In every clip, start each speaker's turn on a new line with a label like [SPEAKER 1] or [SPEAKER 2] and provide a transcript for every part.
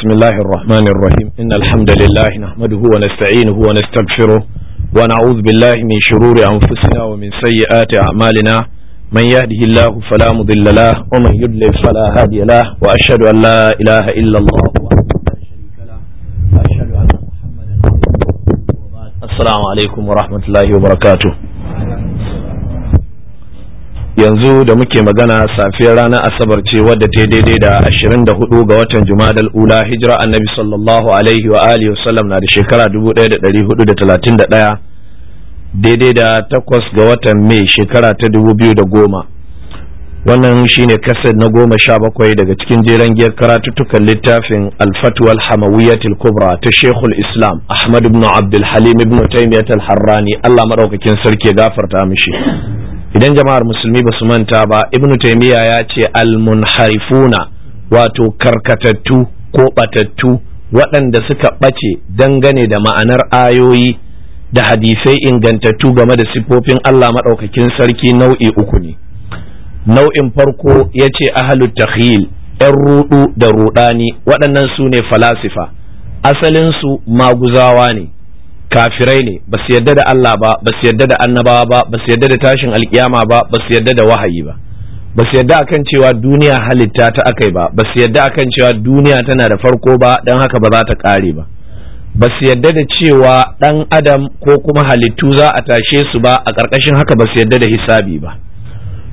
[SPEAKER 1] بسم الله الرحمن الرحيم إن الحمد لله نحمده ونستعينه ونستغفره ونعوذ بالله من شرور أنفسنا ومن سيئات أعمالنا من يهده الله فلا مضل له ومن يضلل فلا هادي له وأشهد أن لا إله إلا الله السلام عليكم ورحمة الله وبركاته yanzu da muke magana safiyar ranar asabar ce wadda ta daidai da 24 ga watan juma'a ula hijira annabi sallallahu alaihi wa alihi wasallam na da shekara 1431 daidai da takwas ga watan mai shekara ta 2010 wannan shine kasar na goma sha bakwai daga cikin jeren giyar karatuttukan littafin alfatuwal hamawiyatul kubra ta shekul islam ahmad ibn abdul halim ibn taimiyat al-harrani allah maɗaukakin sarki gafarta mishi idan jama'ar musulmi ba su manta ba ibnu taimiyya ya ce almunharifuna wato karkatattu ko batattu waɗanda suka ɓace dangane da ma'anar ayoyi da hadisai ingantattu game da siffofin Allah maɗaukakin sarki nau'i uku ne nau'in farko ya ce ahalut 'yan ruɗu da ruɗani waɗannan su ne falasifa asalinsu maguzawa ne kafirai ne ba su yarda da Allah ba ba su yarda da annabawa ba ba su yarda da tashin alkiyama ba ba su yarda da wahayi ba ba su yarda akan cewa duniya halitta ta akai ba ba su yarda akan cewa duniya tana da farko ba dan haka ba za ta kare ba ba su yarda da cewa ɗan adam ko kuma halittu za a tashe su ba a ƙarƙashin haka ba su yarda da hisabi ba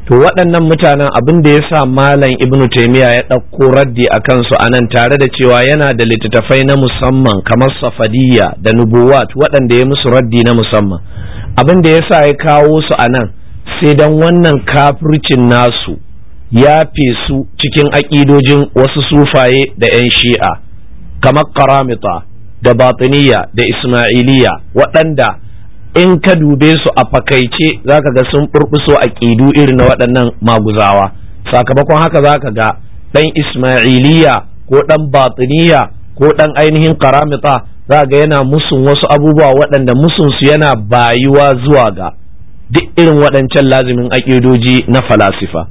[SPEAKER 1] to waɗannan mutanen abin da ya sa malam ibnu taimiyya ya ɗauko raddi a kansu a nan tare da cewa yana da littattafai na musamman kamar safadiyya da nubuwat waɗanda ya musu raddi na musamman abin da ya sa ya kawo su a nan sai don wannan kafircin nasu ya fi su cikin aƙidojin wasu sufaye da 'yan shi'a kamar karamita da batiniya da ismailiya waɗanda in ka dube su a fakaice za ka ga sun burbuso ƙidu irin na waɗannan maguzawa sakamakon haka za ka ga ɗan ismailiya ko ɗan batiniya ko ɗan ainihin karamita za ga yana musun wasu abubuwa waɗanda musunsu yana bayuwa zuwa ga duk irin waɗancan lazimin aƙidoji na falasifa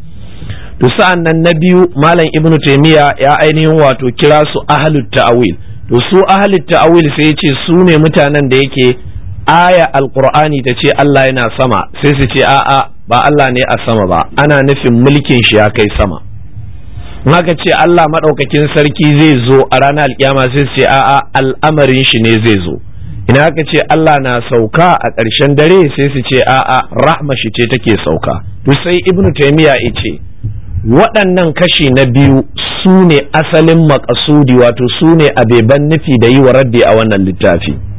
[SPEAKER 1] to sa'an nan na biyu malam ibnu taimiya ya ainihin wato kira su ahlut ta'awil to su ahlut ta'awil sai ce su ne mutanen da yake aya alqur'ani ta ce Allah yana sama sai su ce a'a ba Allah ne a sama ba ana nufin mulkin shi ya kai sama haka ce Allah maɗaukakin sarki zai zo a ranar alkiyama sai su ce a'a al'amarin shi ne zai zo ina haka ce Allah na sauka a ƙarshen dare sai su ce a'a rahma shi ce take sauka to sai ibnu taymiya yace waɗannan kashi na biyu su ne asalin makasudi wato su ne abeban nufi da yi wa raddi a wannan littafi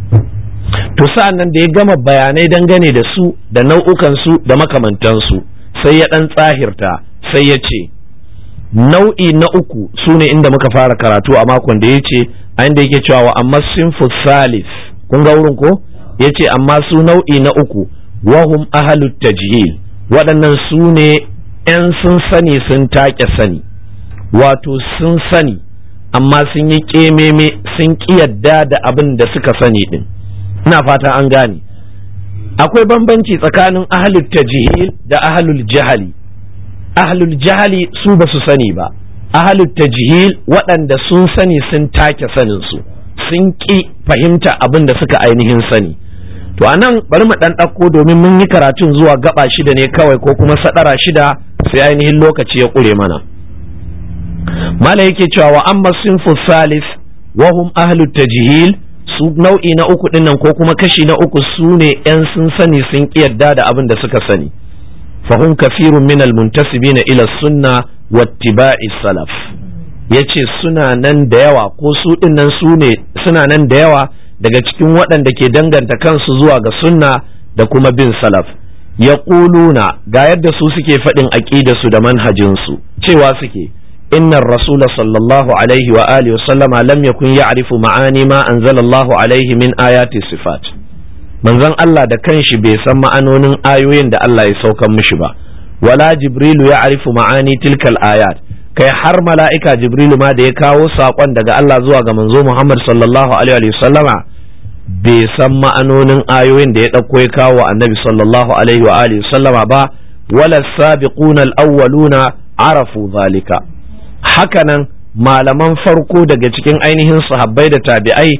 [SPEAKER 1] to sa'an nan da ya gama bayanai dangane da su da nau'ukansu da makamantansu sai ya ɗan tsahirta sai ya ce nau'i na uku su ne inda muka fara karatu a makon da ya ce a inda yake cewa wa amma sinfu salis kun ga wurin ko ya ce amma su nau'i na uku wahum ahalu tajhil waɗannan su ne 'yan sun sani sun take sani wato sun sani amma sun yi ƙememe sun ƙi yadda da abin da suka sani ɗin ina fata an gane akwai bambanci tsakanin ahlul tajhil da ahlul jahali ahlul jahali su ba su sani ba ahlul tajhil waɗanda sun sani sun take sanin su sun ƙi fahimta abin da suka ainihin sani to anan bari mu ɗanɗako ɗauko domin mun yi karatun zuwa gaba shida ne kawai ko kuma sadara shida sai ainihin lokaci ya ƙure mana mala yake cewa wa amma sinfu salis wa hum ahlut tajhil su nau'i na uku dinnan ko kuma kashi na uku su ne 'yan sun sani sun ƙi yadda da abin da suka sani fahun kafirun min na ila sunna tiba'i salaf yace suna nan da yawa ko su dinnan su ne suna nan da yawa daga cikin waɗanda ke danganta kansu zuwa ga sunna da kuma bin salaf ya ga yadda su suke faɗin aƙidarsu da manhajinsu cewa suke Innan rasul sallallahu alaihi wa alihi wa sallama lam yakun ya'rifu ma'ani ma anzalallahu alaihi min ayati sifat manzon Allah da kanshi bai san ma'anonin ayoyin da Allah ya saukan mishi ba wala jibrilu ya'rifu ma'ani tilkal ayat kai har mala'ika jibrilu ma da ya kawo saƙon daga Allah zuwa ga manzo Muhammad sallallahu alaihi sallama bai san ma'anonin ayoyin da ya ɗauko ya kawo annabi sallallahu alaihi wa alihi sallama ba wala sabiquna al-awwaluna arafu zalika hakanan malaman farko daga cikin ainihin sahabbai da tabi'ai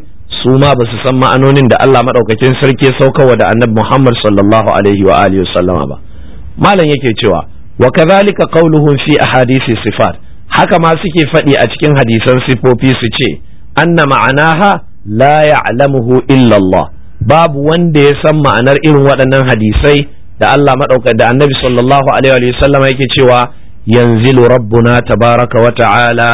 [SPEAKER 1] su ma ba su san ma'anonin da Allah maɗaukakin sarki saukawa da annabi Muhammad sallallahu alaihi wa alihi sallama ba malam yake cewa wa kadhalika qawluhum fi ahadisi sifat haka ma suke faɗi a cikin hadisan sifofi su ce anna ma'anaha la ya'lamuhu illa Allah babu wanda ya san ma'anar irin waɗannan hadisai da Allah maɗauka da annabi sallallahu alaihi wa sallama yake cewa yanzilu rabbuna tabaraka wa ta'ala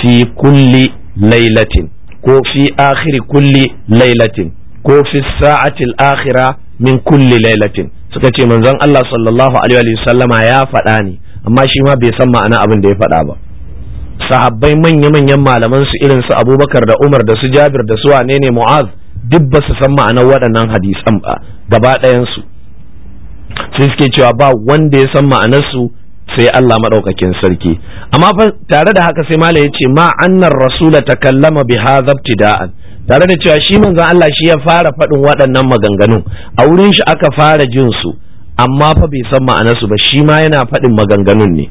[SPEAKER 1] fi kulli lailatin ko fi akhiri kulli lailatin ko fi sa'atil akhira min kulli lailatin suka ce manzon Allah sallallahu alaihi ya faɗa ni amma shi ma bai san ma'ana abin da ya faɗa ba sahabbai manya-manyan malaman su irin su abubakar da umar da su jabir da su wane ne mu'az duk ba su san ma'anar waɗannan hadisan ba gaba ɗayansu sai suke cewa ba wanda ya san ma'anarsu sai Allah maɗaukakin sarki amma tare da haka sai malam yace ma annar rasul kallama bi hadha ibtida'an tare da cewa shi manzon Allah shi ya fara faɗin waɗannan maganganun a wurin shi aka fara jin su amma fa bai san ma'anarsu ba shi ma yana faɗin maganganun ne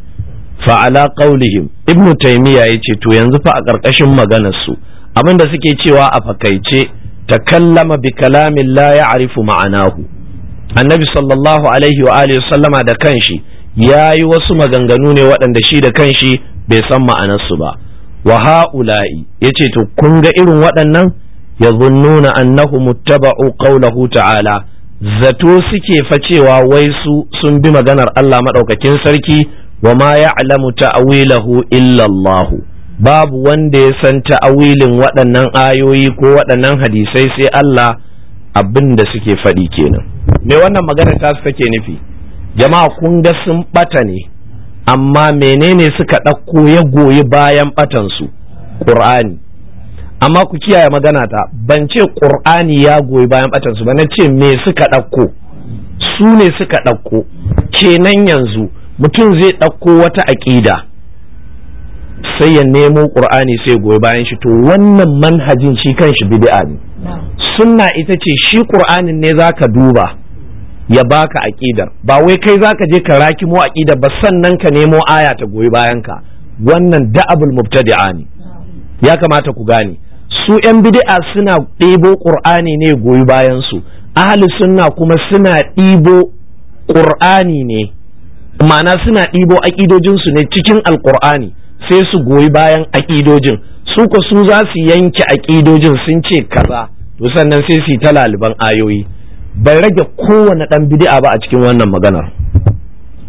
[SPEAKER 1] fa ala qaulihim ibnu taymiya yace to yanzu fa a ƙarƙashin maganar su abinda suke cewa a fakaice takallama bi kalamin la ya'rifu ma'anahu annabi sallallahu alaihi wa alihi sallama da kanshi ya yi wasu maganganu ne waɗanda shi da kanshi bai san ma'anarsu ba wa ha'ula'i ya ce to kun ga irin waɗannan ya zunnuna annahu muttaba'u qaulahu ta'ala zato suke fa cewa wai su sun bi maganar Allah maɗaukakin sarki wa ma ya'lamu ta'wilahu illa Allah babu wanda ya san ta'awilin waɗannan ayoyi ko waɗannan hadisai sai Allah abin da suke faɗi kenan me wannan magana ta take nufi jama'a kun ga sun bata ne amma menene suka ɗauko ya goyi bayan batansu ƙur'ani amma ku kiyaye magana ta ban ce ƙur'ani ya goyi bayan batansu ba na ce me suka ɗauko su ne suka ɗauko kenan yanzu mutum zai ɗauko wata aƙida sai ya nemo ƙur'ani sai goyi bayan shi to wannan manhajin shi kanshi shi bid'a ne sunna ita ce shi ƙur'anin ne za ka duba ya baka aƙidar ba wai kai zaka je ka mu aƙidar ba sannan ka nemo aya ta goyi bayan ka wannan da'abul mubtadi'a ne ya kamata ku gane su 'yan bid'a suna ɗebo qur'ani ne goyi bayan su ahli sunna kuma suna ɗibo qur'ani ne ma'ana suna ɗibo aƙidojinsu ne cikin alƙur'ani sai su goyi bayan aƙidojin su ko su za su yanke aƙidojin sun ce kaza to sannan sai su yi ta laliban ayoyi bai rage kowane ɗan bidi'a ba a cikin wannan maganar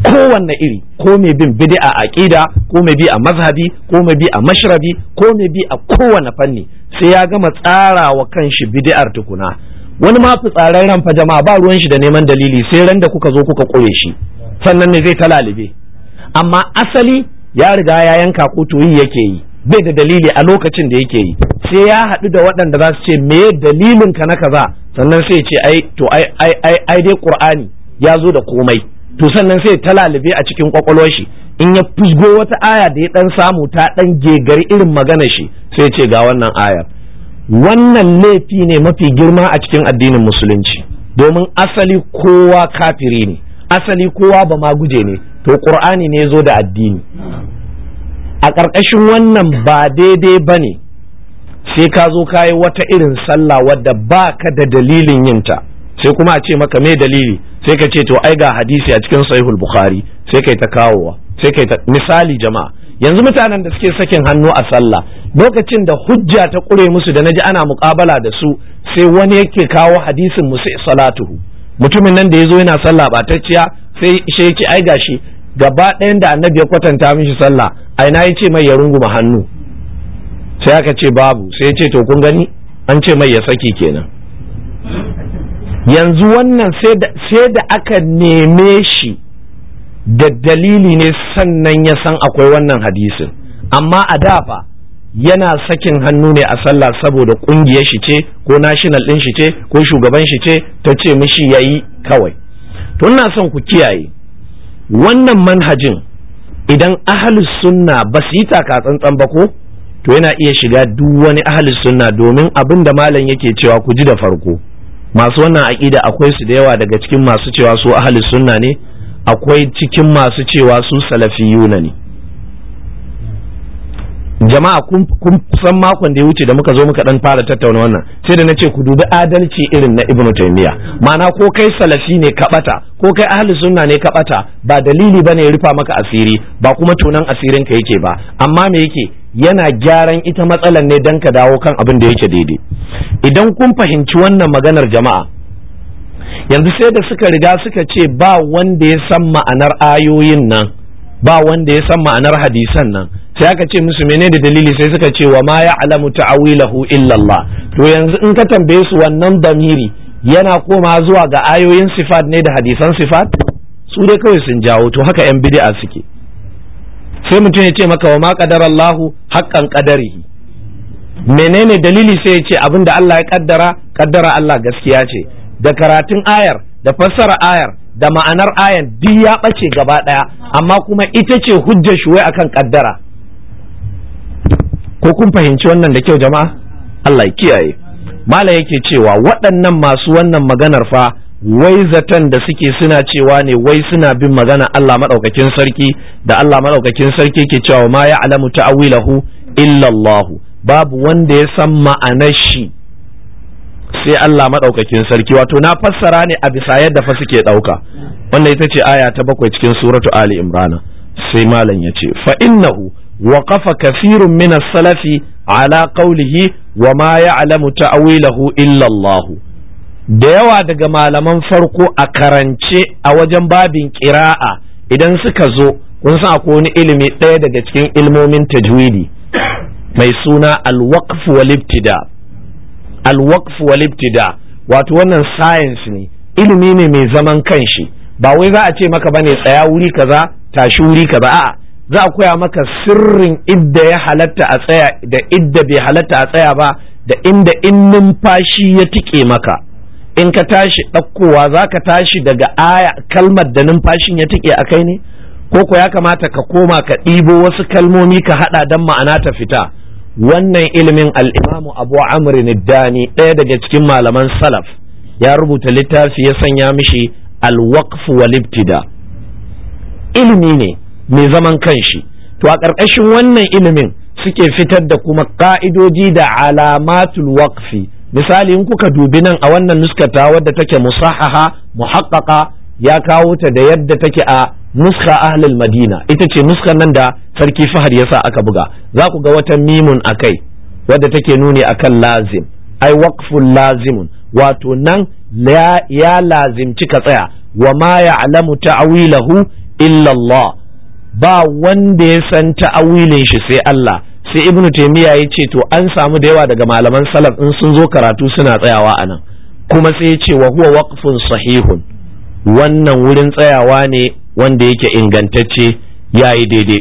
[SPEAKER 1] kowanne iri ko mai bin bidi'a a ƙida ko mai bi a mazhabi ko mai bi a mashrabi ko mai bi a kowane fanni sai ya gama tsara wa shi bidi'ar tukuna wani ma fitsaren ran fa jama'a ba ruwan shi da neman dalili sai ran da kuka zo kuka koye shi sannan ne zai ta lalibe amma asali ya riga ya yanka kutoyi yake yi bai da dalili a lokacin da yake yi sai ya haɗu da waɗanda za su ce me dalilin ka na kaza sannan sai ce ai to ai ai ai dai qur'ani ya zo da komai to sannan sai ta lalube a cikin kwakwalwar shi in ya fusgo wata aya da ya dan samu ta dan gegari irin magana shi sai ce ga wannan aya wannan laifi ne mafi girma a cikin addinin musulunci domin asali kowa kafiri ne asali kowa ba ma guje ne to qur'ani ne zo da addini a ƙarƙashin wannan ba daidai ba sai ka zo ka yi wata irin sallah wadda ba ka da dalilin yinta sai kuma a ce maka me dalili sai ka ce to ai ga hadisi a cikin sahihul bukhari sai kai ta kawowa sai kai ta misali jama'a yanzu mutanen da suke sakin hannu a sallah lokacin da hujja ta kure musu da naji ana muƙabala da su sai wani yake kawo hadisin musu salatuhu mutumin nan da ya zo yana sallah batacciya sai shi ya ai gashi gaba ɗayan da annabi ya kwatanta mishi sallah aina ya ce mai ya runguma hannu sai aka ce babu sai ya ce to kun gani an ce mai ya saki kenan yanzu wannan sai da aka neme shi da dalili ne sannan ya san akwai wannan hadisin amma a dafa yana sakin hannu ne a sallah saboda kungiyar shi ce ko national ɗin shi ce ko shugaban shi ce ta ce mishi yi kawai tunna son ku kiyaye wannan manhajin idan ahalus sunna ba su yi taka tsantsan ba ko to yana iya shiga duk wani ahalis sunna domin abin da malam yake cewa ku ji da farko masu wannan aƙida akwai su da yawa daga cikin masu cewa su ahalis sunna ne akwai cikin masu cewa su salafiyuna ne jama'a kun san makon da ya wuce da muka zo muka dan fara tattauna wannan sai da na ce ku dubi adalci irin na ibnu taymiya ma'ana ko kai salafi ne ka bata ko kai ahli sunna ne ka bata ba dalili bane ya rufa maka asiri ba kuma tunan asirin ka yake ba amma me yake yana gyaran ita matsalar ne don ka dawo kan abin da yake daidai idan kun fahimci wannan maganar jama'a yanzu sai da suka riga suka ce ba wanda ya san ma'anar ayoyin nan ba wanda ya san ma'anar hadisan nan sai aka ce musu mene da dalili sai suka ce wa ma ya alamu ta'awilahu illallah to yanzu in ka tambaye su wannan damiri yana koma zuwa ga ayoyin sifat ne da hadisan sifat su dai kawai sun jawo to haka yan bid'a suke sai mutum ya ce maka wa ma qadara Allahu haqqan menene dalili sai ya ce abin da Allah ya kaddara kaddara Allah gaskiya ce da karatun ayar da fassara ayar da ma'anar ayar duk ya ɓace gaba ɗaya amma kuma ita ce hujjar shi wai akan kaddara ko kun fahimci wannan da kyau jama'a Allah ya kiyaye mala yake cewa waɗannan masu wannan maganar fa wai zaton da suke suna cewa ne wai suna bin magana Allah maɗaukakin sarki da Allah maɗaukakin sarki ke cewa ma ya alamu ta'awilahu illallahu babu wanda ya san ma'anar shi sai Allah maɗaukakin sarki wato na fassara ne a bisa yadda fa suke ɗauka wannan ita ce aya ta bakwai cikin suratu Ali Imrana sai malam ya ce fa innahu waqafa kathirun min as-salafi ala qawlihi wa ma ya'lamu ta'awilahu illallahu da yawa daga malaman farko a karance a wajen babin kira'a idan suka zo kun san akwai wani ilimi ɗaya daga cikin ilmomin tajwidi mai suna alwakfu wal wato wannan science ne ilimi ne mai zaman kanshi ba wai za a ce maka bane tsaya wuri kaza tashi wuri kaza a'a za a koya maka sirrin idda ya halatta a tsaya da idda bai halatta a tsaya ba da inda in numfashi ya tike maka in ka tashi ɗaukowa za ka tashi daga aya kalmar da numfashin ya tike a kai ne ko ko ya kamata ka koma ka ɗibo wasu kalmomi ka haɗa don ma'ana ta fita wannan ilimin al'imamu abu amrin niddani ɗaya daga cikin malaman salaf ya rubuta littafi ya sanya mishi alwaqf wal ilimi ne mai zaman kanshi to a ƙarƙashin wannan ilimin suke fitar da kuma ƙa'idoji da alamatul waqfi misali in kuka dubi nan a wannan nuskata wadda take musahaha muhaqqaqa ya kawo ta da yadda take a nuska ahlul madina ita ce nuskar nan da sarki fahad ya sa aka buga za ku ga wata mimun a kai wadda take nuni akan lazim ai waqful lazimun wato nan ya lazimci ka tsaya wa ma ya'lamu ta'wilahu illa Allah ba wanda ya san ta'awilin shi sai Allah sai ibn taymiya ya ce to an samu da yawa daga malaman salaf in sun zo karatu suna tsayawa a nan kuma sai ya ce wa huwa waqfun sahihun wannan wurin tsayawa ne wanda yake ingantacce yayi daidai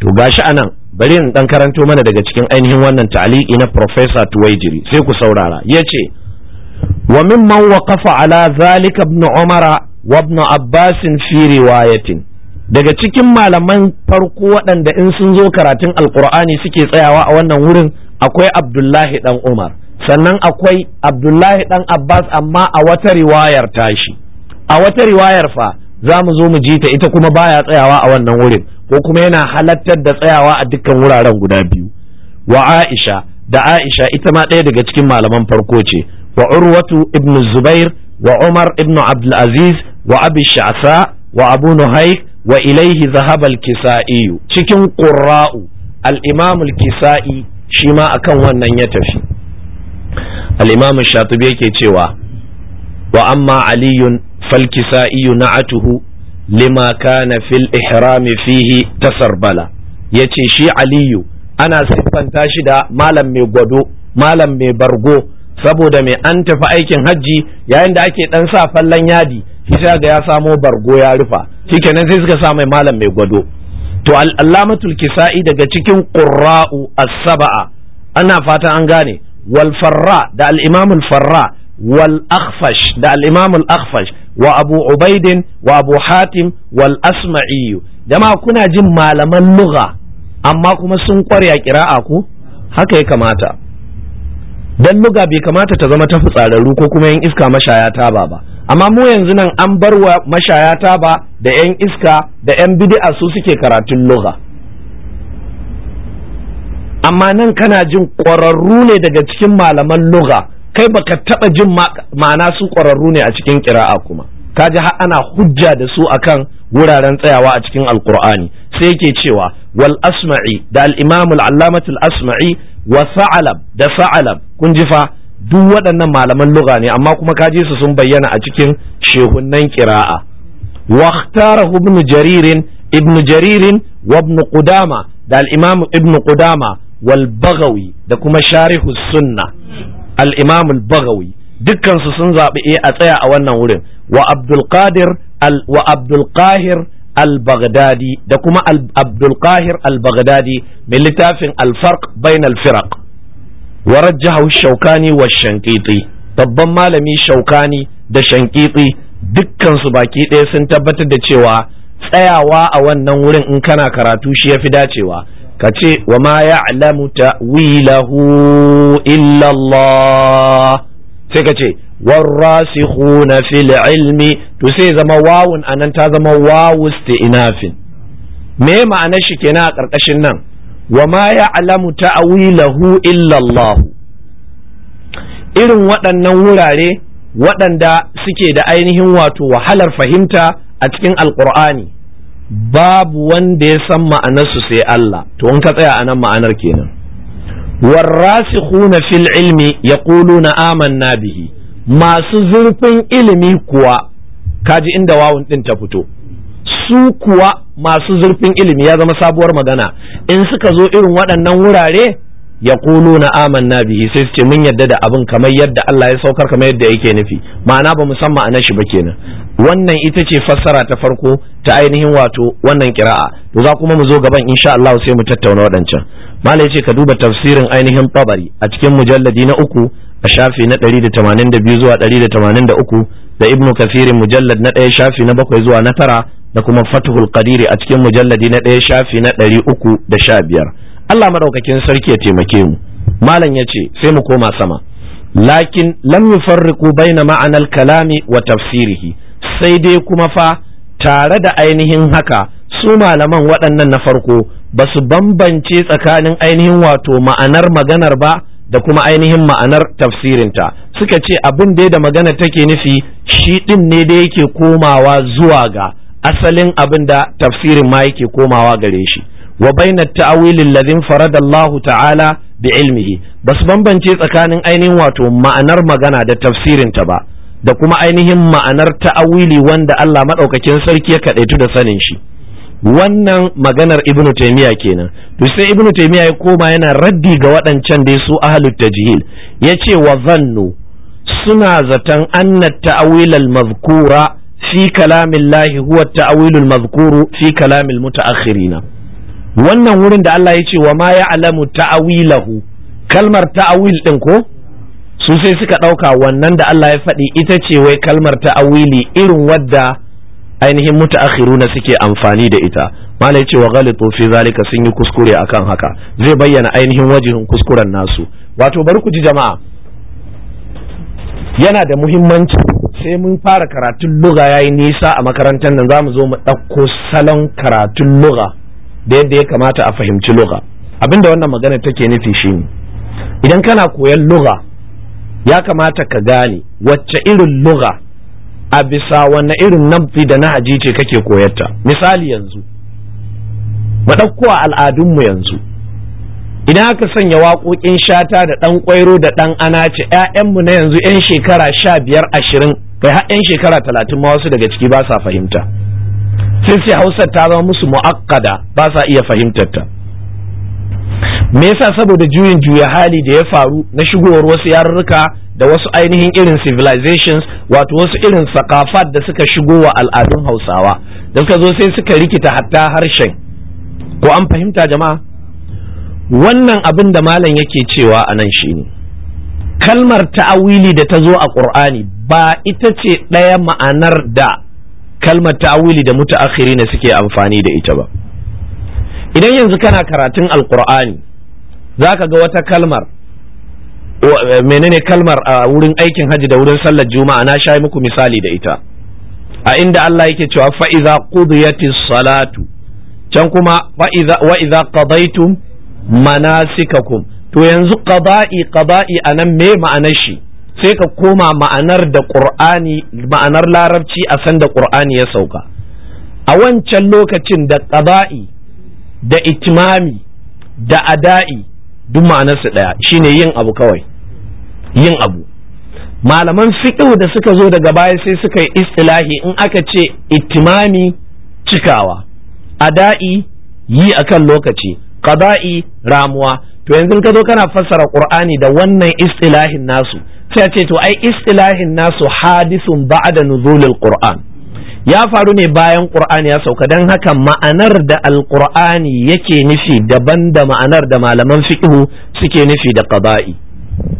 [SPEAKER 1] to gashi anan bari in dan karanto mana daga cikin ainihin wannan ta'liqi na professor Tuwaijiri sai ku saurara yace wa mimman waqafa ala zalika ibn umara wa ibn abbas fi riwayatin daga cikin malaman farko waɗanda in sun zo karatun alkur'ani suke tsayawa a wannan wurin akwai abdullahi ɗan umar sannan akwai abdullahi ɗan abbas amma a wata riwayar tashi a wata riwayar fa za mu zo mu ji ta ita kuma baya tsayawa a wannan wurin ko kuma yana halattar da tsayawa a dukkan wuraren guda biyu wa aisha da aisha ita ma ɗaya daga cikin malaman farko ce wa urwatu ibnu zubair wa umar ibn abdulaziz wa abi sha'sa wa abu nuhaik wa ilaihi zahabal kisa'i cikin qurra'u al-imam al-kisa'i shi ma akan wannan ya tafi al-imam shatibi yake cewa wa amma aliyun fal kisa'i na'atuhu lima kana fil ihram fihi tasarbala yace shi aliyu ana siffanta shi da malam mai gwado malam mai bargo saboda mai an tafi aikin hajji yayin da ake dan sa fallan yadi shi ga ya samo bargo ya rufa shikenan sai suka sa mai malam mai gwado to al'amatul kisa'i daga cikin ƙura'u as-saba'a ana fata an gane wal farra da al farra wal akhfash da al-imam akhfash wa abu ubaidin wa abu hatim wal asma'i jama'a kuna jin malaman lugha amma kuma sun kware a kira'a ku haka ya kamata dan luga bai kamata ta zama ta fitsararru ko kuma yin iska mashaya ta ba ba amma mu yanzu nan an bar wa mashayata ba da 'yan iska da 'yan bid'a su suke karatun lugha amma nan kana jin ƙwararru ne daga cikin malaman lugha kai baka taɓa jin ma'ana su ƙwararru ne a cikin ƙira'a kuma ka ji har ana hujja da su akan wuraren tsayawa a cikin alƙur'ani sai yake cewa wal asma'i da al-imam allamatul asma'i wa sa'alab da sa'alab kun ji fa duk waɗannan malaman lugha ne amma kuma ka je su sun bayyana a cikin shehunnan kira'a waktara ibn jaririn ibn jaririn wa qudama da al-imam ibn qudama wal bagawi da kuma sharihu sunna al-imam al-bagawi sun zaɓi eh a tsaya a wannan wurin wa abdul al wa abdul qahir al-baghdadi da kuma Abdulkahir qahir al-baghdadi min littafin al-farq Firak. wa rajjahu shaukani wa shankiti babban malami shaukani da shankiti dukkansu baki ɗaya sun tabbatar da cewa tsayawa a wannan wurin in kana karatu shi ya fi dacewa ka ce wa ma ya'lamu ta'wilahu illa Allah sai ka ce warrasikhuna fil ilmi to sai zama wawun anan ta zama wawu isti'nafin me ma'anar shi kenan a karkashin nan wa ma alamu ta'wilahu illa Allah irin waɗannan wurare waɗanda suke da ainihin wato wahalar fahimta a cikin Alƙur'ani babu wanda ya san ma'anarsu sai Allah to in ka tsaya a nan ma'anar kenan warrasikhuna fil ilmi yaquluna amanna bihi masu zurfin ilimi kuwa kaji inda wawun din ta fito su kuwa masu zurfin ilimi ya zama sabuwar magana in suka zo irin waɗannan wurare ya kulu na aman na bihi sai su ce mun yadda da abin kamar yadda Allah ya saukar kamar yadda yake nufi ma'ana ba musamman ma'ana shi ba kenan wannan ita ce fassara ta farko ta ainihin wato wannan kira'a to za kuma mu zo gaban insha Allah sai mu tattauna waɗancan malai ce ka duba tafsirin ainihin tabari a cikin mujalladi na uku a shafi na 182 zuwa 183 da ibnu kasirin mujallad na ɗaya shafi na bakwai zuwa na tara da kuma fathul qadiri a cikin mujalladi na ɗaya shafi na ɗari uku da sha biyar Allah madaukakin sarki ya taimake mu malam ya ce sai mu koma sama lakin lam yufarriqu baina ma'anar kalami wa tafsirihi sai dai kuma fa tare da ainihin haka su malaman waɗannan na farko ba su bambance tsakanin ainihin wato ma'anar maganar ba da kuma ainihin ma'anar tafsirinta suka ce abin dai da magana take nufi shi ɗin ne da yake komawa zuwa ga asalin abin da tafsirin ma yake komawa gare shi wa baina ta'awilin ladin faradallahu ta'ala bi ilmihi ba su bambance tsakanin ainihin wato ma'anar magana da tafsirin ta ba da kuma ainihin ma'anar ta'awili wanda Allah madaukakin sarki ya kadaitu da sanin shi wannan maganar ibnu taymiya kenan to sai ibnu taymiya ya koma yana raddi ga waɗancan da su ahlut tajhil yace wa zannu suna zaton anna ta'awilal mazkura fi kalamin lahi huwa ta'awilul mazkuru fi kalamil mutaakhirina wannan wurin da Allah ya ce wa ma alamu ta'awilahu kalmar ta'awil din ko su sai suka ɗauka wannan da Allah ya faɗi ita ce wai kalmar ta'awili irin wadda ainihin na suke amfani da ita mala ya ce wa ghalitu fi zalika sun yi kuskure akan haka zai bayyana ainihin wajihin kuskuren nasu wato bari ku ji jama'a yana da muhimmanci sai mun fara karatun luga yayi nisa a makarantar nan mu zo mu ɗauko salon karatun luga da yadda ya kamata a fahimci luga abinda wannan magana take nufi shine idan kana koyan luga ya kamata ka gane wacce irin luga a bisa wanne irin namfi da nahaji ce kake koyarta misali yanzu mu ɗauko al'adunmu yanzu idan aka sanya waƙoƙin shata da ɗan ƙwairo da ɗan ana anace ‘ya'yanmu na yanzu ‘yan shekara sha biyar ashirin kai har ‘yan shekara talatin ma wasu daga ciki ba sa fahimta sai sai hausar ta zama musu mu'akkada ba sa iya fahimtar ta me yasa saboda juyin juya hali da ya faru na shigowar wasu yarurruka da wasu ainihin irin civilizations wato wasu irin sakafat da suka shigo wa al'adun hausawa da suka zo sai suka rikita hatta harshen ko an fahimta jama'a wannan abin da malam yake cewa a nan ne kalmar ta'awili da ta zo a ƙur'ani ba ita ce ɗaya ma'anar da kalmar ta'awili da mutaakhiri ne suke amfani da ita ba idan yanzu kana karatun alƙur'ani za ka ga wata kalmar eh, menene kalmar a wurin aikin hajji da wurin sallar juma'a na sha muku misali da ita a inda Allah yake cewa fa'iza qudiyatis salatu can kuma wa'iza ƙadaitun manasikakum to yanzu qada'i qada'i anan me ma'anar shi sai ka koma ma'anar da qur'ani ma'anar larabci a san da qur'ani ya sauka a wancan lokacin da qada'i da itimami da ada'i duk ma'anarsu ɗaya shine yin abu kawai yin abu malaman fiqh da suka zo daga baya sai suka yi istilahi in aka ce itimami cikawa ada'i yi akan lokaci qada'i ramuwa to yanzu ka kana fassara qur'ani da wannan istilahin nasu sai ce to ai istilahin nasu hadisun ba'da nuzulil qur'an ya faru ne bayan qur'ani ya sauka dan haka ma'anar da alqur'ani yake nufi daban da ma'anar da malaman fiqh suke nufi da qada'i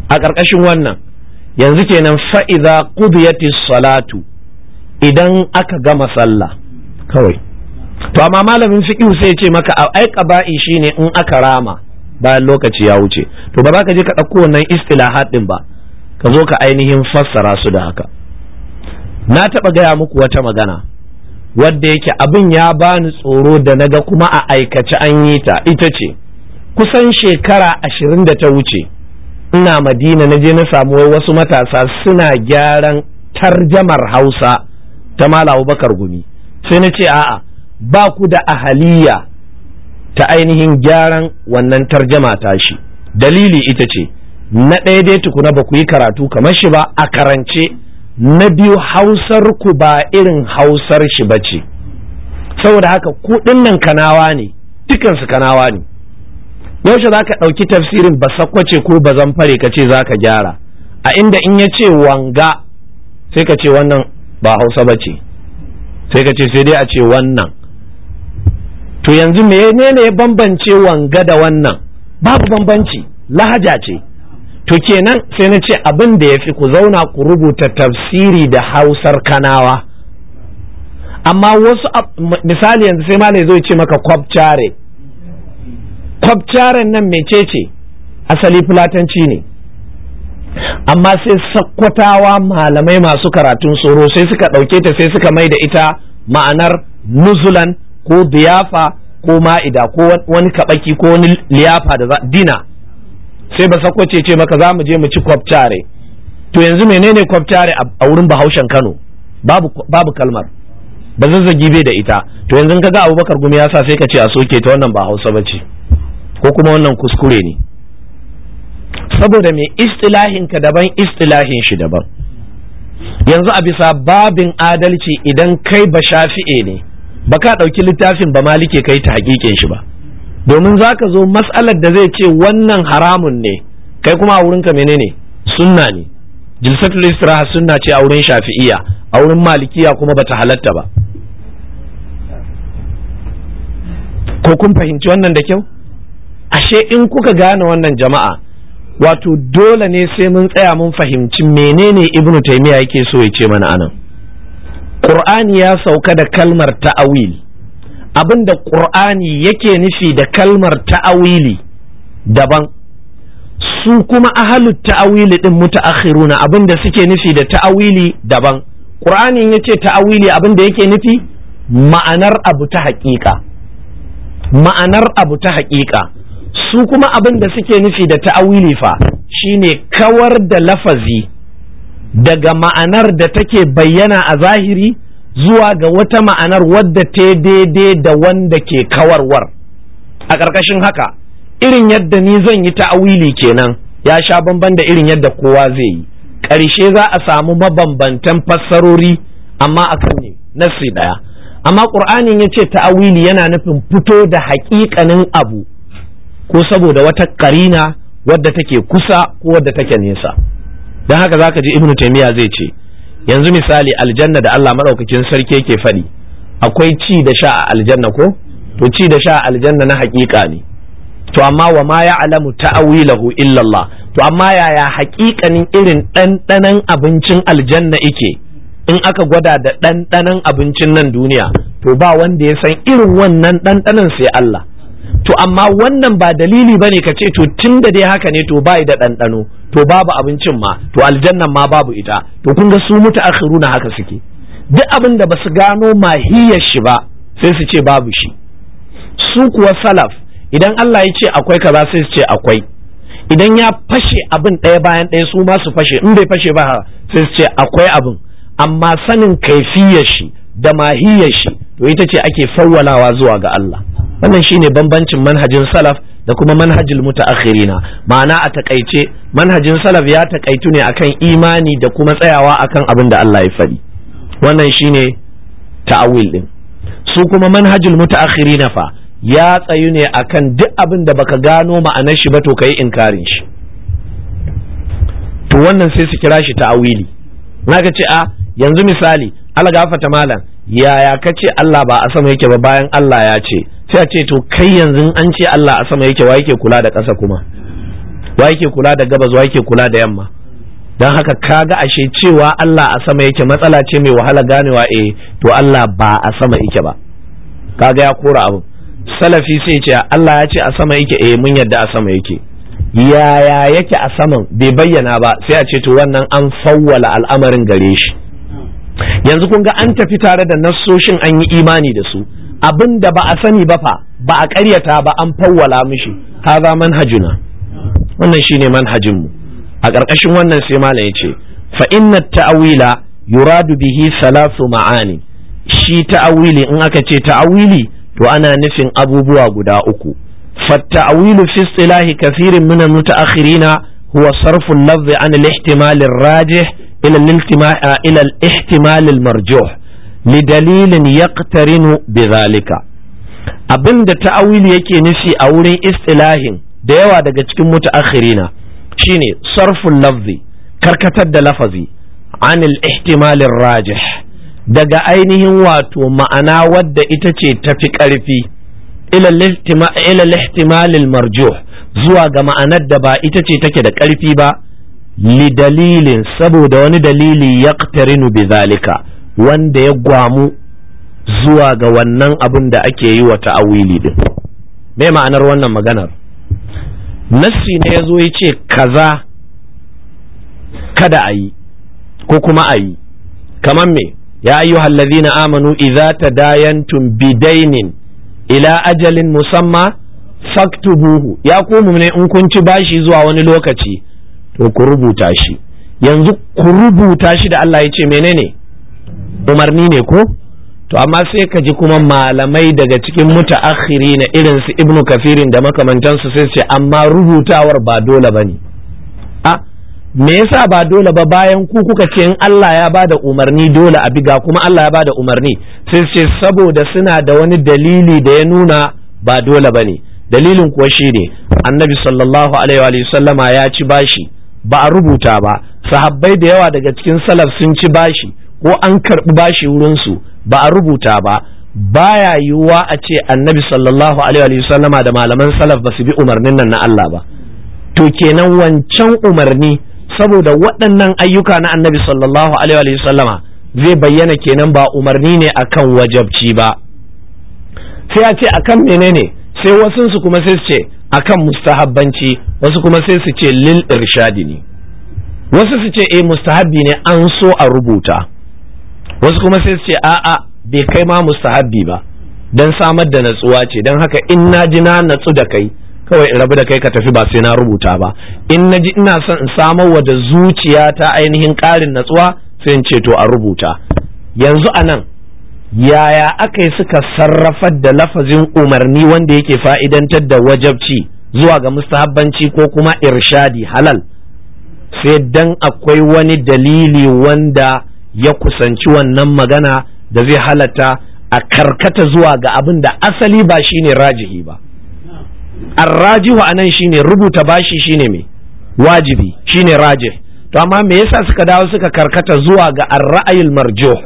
[SPEAKER 1] a ƙarƙashin wannan yanzu kenan fa'iza qudiyatis salatu idan aka gama sallah kawai to amma malamin fiqh sai ya ce maka ai qaba'i shine in aka rama bayan lokaci ya wuce to ba za ka je ka ɗauko wannan istilahat ɗin ba ka zo ka ainihin fassara su da haka na taɓa gaya muku wata magana wadda yake abin ya bani tsoro da naga kuma a aikace an yi ta ita ce kusan shekara ashirin da ta wuce ina madina na je na samu wasu matasa suna gyaran tarjamar hausa ta mala abubakar gumi sai na ce a'a ba ku da ahaliya ta ainihin gyaran wannan tarjama tashi dalili ita ce na ɗaya dai tukuna ba ku yi karatu kamar shi ba a karance na biyu hausar ku ba irin hausar shi ba ce saboda haka kuɗin nan kanawa ne dukansu kanawa ne yaushe za ka ɗauki tafsirin ba sakwace ko ba fare ka ce za ka gyara a inda in ya ce wanga sai ka ce wannan ba hausa ba ce sai ka ce sai dai a ce wannan to yanzu menene bambance wanga da wannan babu bambanci lahaja ce to kenan sai na ce abin da ya fi ku zauna ku rubuta tafsiri da hausar kanawa amma wasu misali yanzu sai malai zai ce maka kwabcare kwabcaren nan ce asali fulatanci ne amma sai sakkwatawa malamai masu karatun tsoro sai suka ɗauke ta sai suka mai da ita ma'anar nuzulan ko biyafa ko ma'ida ko wani kabaki ko wani liyafa da dina sai ba sakwace ce maka za mu je mu ci kwabtare to yanzu menene kwabtare a wurin bahaushen Kano babu kalmar ba zazzagi bai da ita to yanzu kaga Abubakar gumi ya sa sai ka ce a soke ta wannan ba Hausa bace ko kuma wannan kuskure ne saboda me istilahin ka daban istilahin shi daban yanzu a bisa babin adalci idan kai ba shafi'e ne ba ka ɗauki littafin ba malike kai ta haƙiƙin shi ba domin za ka zo matsalar da zai ce wannan haramun ne kai kuma a wurinka menene sunna ne jilsatul istiraha sunna ce a wurin shafi'iya a wurin malikiya kuma bata halatta ba ko kun fahimci wannan da kyau ashe in kuka gane wannan jama'a wato dole ne sai mun tsaya mun fahimci menene ibnu taymiya yake so ya ce mana anan ƙur'ani ya sauka da kalmar ta'awil abinda ƙur'ani yake nufi da kalmar ta'awili daban su kuma ahalut ta'awili din muta'akhiruna abinda suke nufi da ta'awili daban ƙur'anin yace ta'awili abinda yake nufi ma'anar abu ta haƙiƙa ma'anar abu ta haƙiƙa su kuma abinda suke nufi da ta'awili fa shine kawar da lafazi daga ma'anar da take bayyana a zahiri zuwa ga wata ma'anar wadda ta daidai da wanda ke kawarwar a ƙarƙashin haka irin yadda ni zan yi ta'awili kenan ya sha bamban da irin yadda kowa zai yi ƙarshe za a samu mabambantan fassarori amma a kan ne nassi ɗaya amma ƙur'anin ya ce ta'awili yana nufin fito da haƙiƙanin abu ko saboda wata ƙarina wadda take kusa ko wadda take nesa don haka za ka ji ibnu taimiyya zai ce yanzu misali aljanna da Allah maɗaukakin sarki ke faɗi akwai ci da sha a aljanna ko to ci da sha a aljanna na haƙiƙa ne to amma wa ma alamu ta'awilahu illallah to amma yaya haƙiƙanin irin ɗanɗanan abincin aljanna ike in aka gwada da ɗanɗanan abincin nan duniya to ba wanda ya san irin wannan ɗanɗanan sai Allah to amma wannan ba dalili bane ka ce to tun da dai haka ne to bai da ɗanɗano to babu abincin ma to aljannan ma babu ita to kun ga su na haka suke duk abin da basu gano mahiyar shi ba sai su ce babu shi su kuwa salaf idan Allah ya ce akwai kaza sai su ce akwai idan ya fashe abin ɗaya bayan ɗaya su ma su fashe in bai fashe ba sai su ce akwai abin amma sanin kaifiyar shi da mahiyar shi to ita ce ake fawwalawa zuwa ga Allah wannan shine bambancin manhajin salaf da kuma manhajin mutaakhirina ma'ana a takaice manhajin salaf ya takaitu ne akan imani da kuma tsayawa akan abin da Allah ya faɗi wannan shine ta'awil din su kuma manhajin mutaakhirina fa ya tsayu ne akan duk abin da baka gano ma'anar shi ba to kai inkarin shi to wannan sai su kira shi ta'awili Na ga ce a yanzu misali algafata malam yaya kace Allah ba a sama yake ba bayan Allah ya ce sai a ce to kai yanzu an ce Allah a sama yake wa yake kula da ƙasa kuma wa yake kula da gabas wa yake kula da yamma don haka kaga ashe cewa Allah a sama yake matsala ce mai wahala ganewa eh to Allah ba a sama yake ba kaga ya kora abu salafi sai ce Allah ya ce a sama yake eh mun yadda a sama yake yaya yake a saman bai bayyana ba sai a ce to wannan an fawwala al'amarin gare shi yanzu kun ga an tafi tare da nassoshin an yi imani da su abin da ba a sani ba fa ba a ƙaryata ba an fawwala mishi haza manhajuna wannan shine manhajinmu a ƙarƙashin wannan sai malam ya ce fa inna ta'wila yuradu bihi salasu ma'ani shi ta'awili in aka ce ta'awili to ana nufin abubuwa guda uku فالتأويل في اصطلاح كثير من المتأخرين هو صرف اللفظ عن الاحتمال الراجح إلى الاحتمال li dalilin yaqtarinu bi zalika abin da ta'awili yake nufi a wurin istilahin da yawa daga cikin mutaakhirina shine sarful lafzi karkatar da lafazi anil ihtimalin rajih daga ainihin wato ma'ana wadda ita ce tafi ƙarfi ilal ihtimalil marjuh zuwa ga ma'anar da ba ita ce take da ƙarfi ba li dalilin saboda wani dalili ya bi zalika wanda ya gwamu zuwa ga wannan abin da ake yi wa ta'awili din me ma'anar wannan maganar nassi ne yazo zo ya ce kaza kada a yi ko kuma a yi kamar me ya ayyuhal ladhina amanu idza tadayantum bidainin ila ajalin musamma faktubuhu ya ku ne in kun ci bashi zuwa wani lokaci to ku rubuta shi yanzu ku rubuta shi da Allah ya ce menene umarni ne ko to amma sai ka ji kuma malamai daga cikin mutaakhiri na irin su ibnu kafirin da makamantansu sai ce amma rubutawar ba dole ba ne a me yasa ba dole ba bayan ku kuka ce in Allah ya bada umarni dole a biga kuma Allah ya bada umarni sai ce saboda suna da wani dalili da ya nuna ba dole ba ne dalilin kuwa shi ne annabi sallallahu alaihi wa sallama ya ci bashi ba a rubuta ba sahabbai da yawa daga cikin salaf sun ci bashi ko an karɓi bashi wurinsu ba a rubuta ba baya yiwuwa a ce annabi sallallahu alaihi wa sallama da malaman salaf ba su bi umarnin nan na Allah ba to kenan wancan umarni saboda waɗannan ayyuka na annabi sallallahu alaihi wa sallama zai bayyana kenan ba umarni ne akan wajabci ba sai a ce akan menene sai wasunsu kuma sai su ce akan mustahabbanci wasu kuma sai su ce lil irshadi ne wasu su ce eh mustahabbi ne an so a rubuta wasu kuma sai su ce a'a bai kai ma mustahabbi ba dan samar da natsuwa ce dan haka in na ji na natsu da kai kawai in rabu da kai ka tafi ba sai na rubuta ba in na ji ina son in samar wa da zuciya ta ainihin ƙarin natsuwa sai in ce to a rubuta yanzu anan, yaya aka yi suka sarrafar da lafazin umarni wanda yake fa'idantar da wajabci zuwa ga mustahabbanci ko kuma irshadi halal sai dan akwai wani dalili wanda ya kusanci wannan magana da zai halatta a karkata zuwa ga abin da asali ba shine rajihi ba An rajihu nan anan shine rubuta bashi shine me wajibi shine rajih to amma me yasa suka dawo suka karkata zuwa ga an raayil marjuh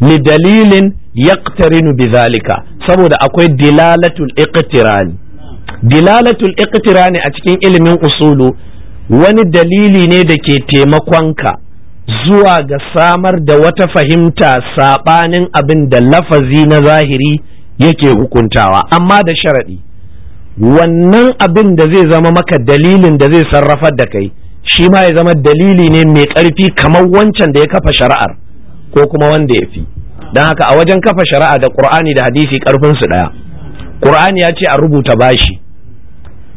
[SPEAKER 1] li dalilin yaqtarinu bidhalika saboda akwai dilalatul iqtirani dilalatul iqtirani a cikin ilimin usulu wani dalili ne da ke taimakonka zuwa ga samar da wata fahimta saɓanin abin da lafazi na zahiri yake hukuntawa amma da sharaɗi wannan abin da zai zama maka dalilin da zai sarrafa da kai shi ma ya zama dalili ne mai ƙarfi kamar wancan da ya kafa shari'ar ko kuma wanda ya fi don haka a wajen kafa shari'a da ƙur'ani da hadisi su ɗaya ƙur'ani ya ce a rubuta bashi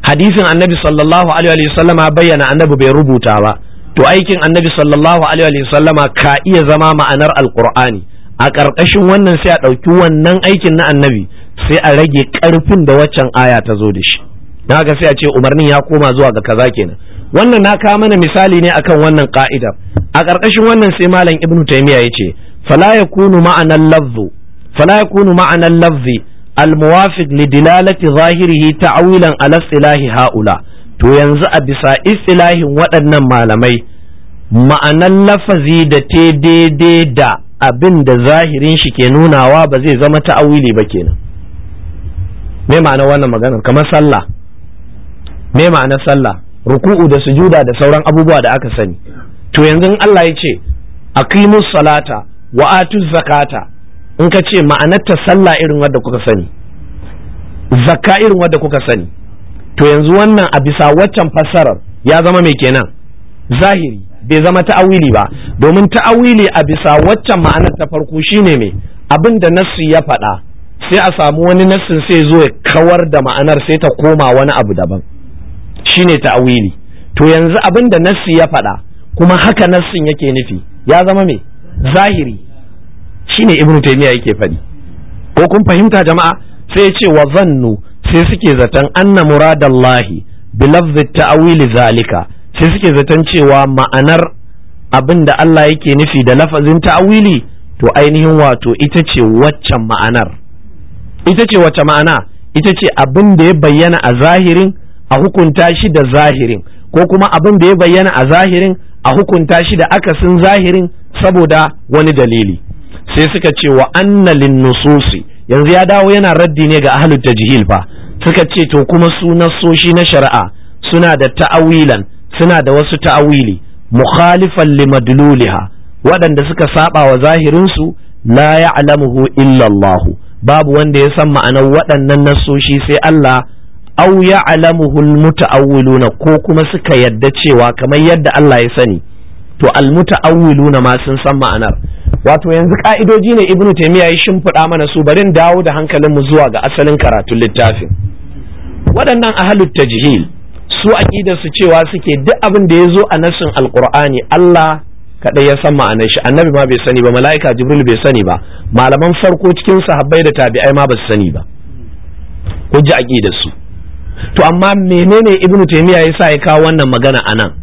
[SPEAKER 1] hadisin annabi sallallahu alaihi wasallama bayyana annabi bai rubuta ba to aikin annabi sallallahu alaihi sallama ka iya zama ma'anar alqur'ani a ƙarƙashin wannan sai a ɗauki wannan aikin na annabi sai a rage ƙarfin da waccan aya ta zo da shi na haka sai a ce umarnin ya koma zuwa ga kaza kenan wannan na kawo mana misali ne akan wannan ƙa'idar. a ƙarƙashin wannan sai malam ibnu taymiya yace fala yakunu ma'anar lafzu fala yakunu ma'anar lafzi الموافق لدلالة ظاهره تعويلا على اصطلاح ha'ula to yanzu a bisa istilahin waɗannan malamai ma'anar lafazi da te daidai da abin da zahirin shi ke nunawa ba zai zama ta'awili ba kenan me ma'ana wannan maganar kamar sallah me ma'anar sallah ruku'u da sujuda da sauran abubuwa da aka sani to yanzu Allah ya ce aqimus salata wa atuz zakata in ka ce ma'anar ta sallah irin wadda kuka sani zakka irin wadda kuka sani to yanzu wannan a bisa waccan fassarar ya zama mai kenan zahiri bai zama ta'awili ba domin ta'awili a bisa waccan ma'anar ta farko shine mai abin da nassi ya faɗa sai a samu wani nassin sai zo ya kawar da ma'anar sai ta koma wani abu daban shine ta'awili to yanzu abin da nassi ya faɗa kuma haka nassin yake nufi ya zama mai zahiri shine ibnu taymiya yake faɗi ko kun fahimta jama'a sai ya ce wa zannu sai suke zaton anna muradallahi bi lafzi ta'awili zalika sai suke zaton cewa ma'anar abin da Allah yake nufi da lafazin ta'awili, to ainihin wato ita ce waccan ma'anar ita ce wacce ma'ana ita ce abin da ya bayyana a zahirin a hukunta shi da zahirin ko kuma abin da ya bayyana a zahirin a hukunta shi da akasin zahirin saboda wani dalili sai suka ce wa annalin nususi yanzu ya dawo yana raddi ne ga ahlul tajhil fa suka ce to kuma su nassoshi na shari'a suna da ta'awilan suna da wasu ta'awili mukhalifan limadluliha waɗanda suka saba wa zahirinsu la ya'lamuhu illallahu babu wanda ya san ma'anar waɗannan nasoshi sai Allah au ya'lamuhu almutaawwiluna ko kuma suka yadda cewa kamar yadda Allah ya sani to almutaawwiluna ma sun san ma'anar wato yanzu ka'idoji ne ibnu taymiya ya shimfiɗa mana su bari dawo da hankalinmu zuwa ga asalin karatun littafin waɗannan ahalut tajhil su a su cewa suke duk abin da ya zo a nasin Alƙur'ani. Allah kaɗai ya san ma'anar shi annabi ma bai sani ba mala'ika jibril bai sani ba malaman farko cikin sahabbai da tabi'ai ma ba su sani ba hujja aqidar su to amma menene ibnu taymiya yasa ya kawo wannan magana anan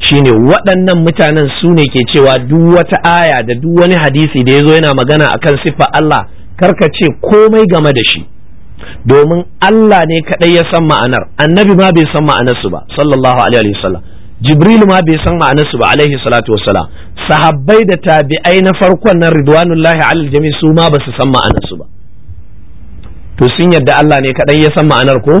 [SPEAKER 1] shine waɗannan mutanen su ne ke cewa duk wata aya da duk wani hadisi da ya zo yana magana akan siffar Allah karka ce komai game da shi domin Allah ne kaɗai ya san ma'anar annabi ma bai san ma'anarsu ba sallallahu alaihi wasallam jibril ma bai san ma'anarsu ba alaihi salatu wassalam sahabbai da tabi'ai na farkon nan ridwanullahi alal jami su ma ba su san ma'anarsu ba to sun yadda Allah ne kaɗai ya san ma'anar ko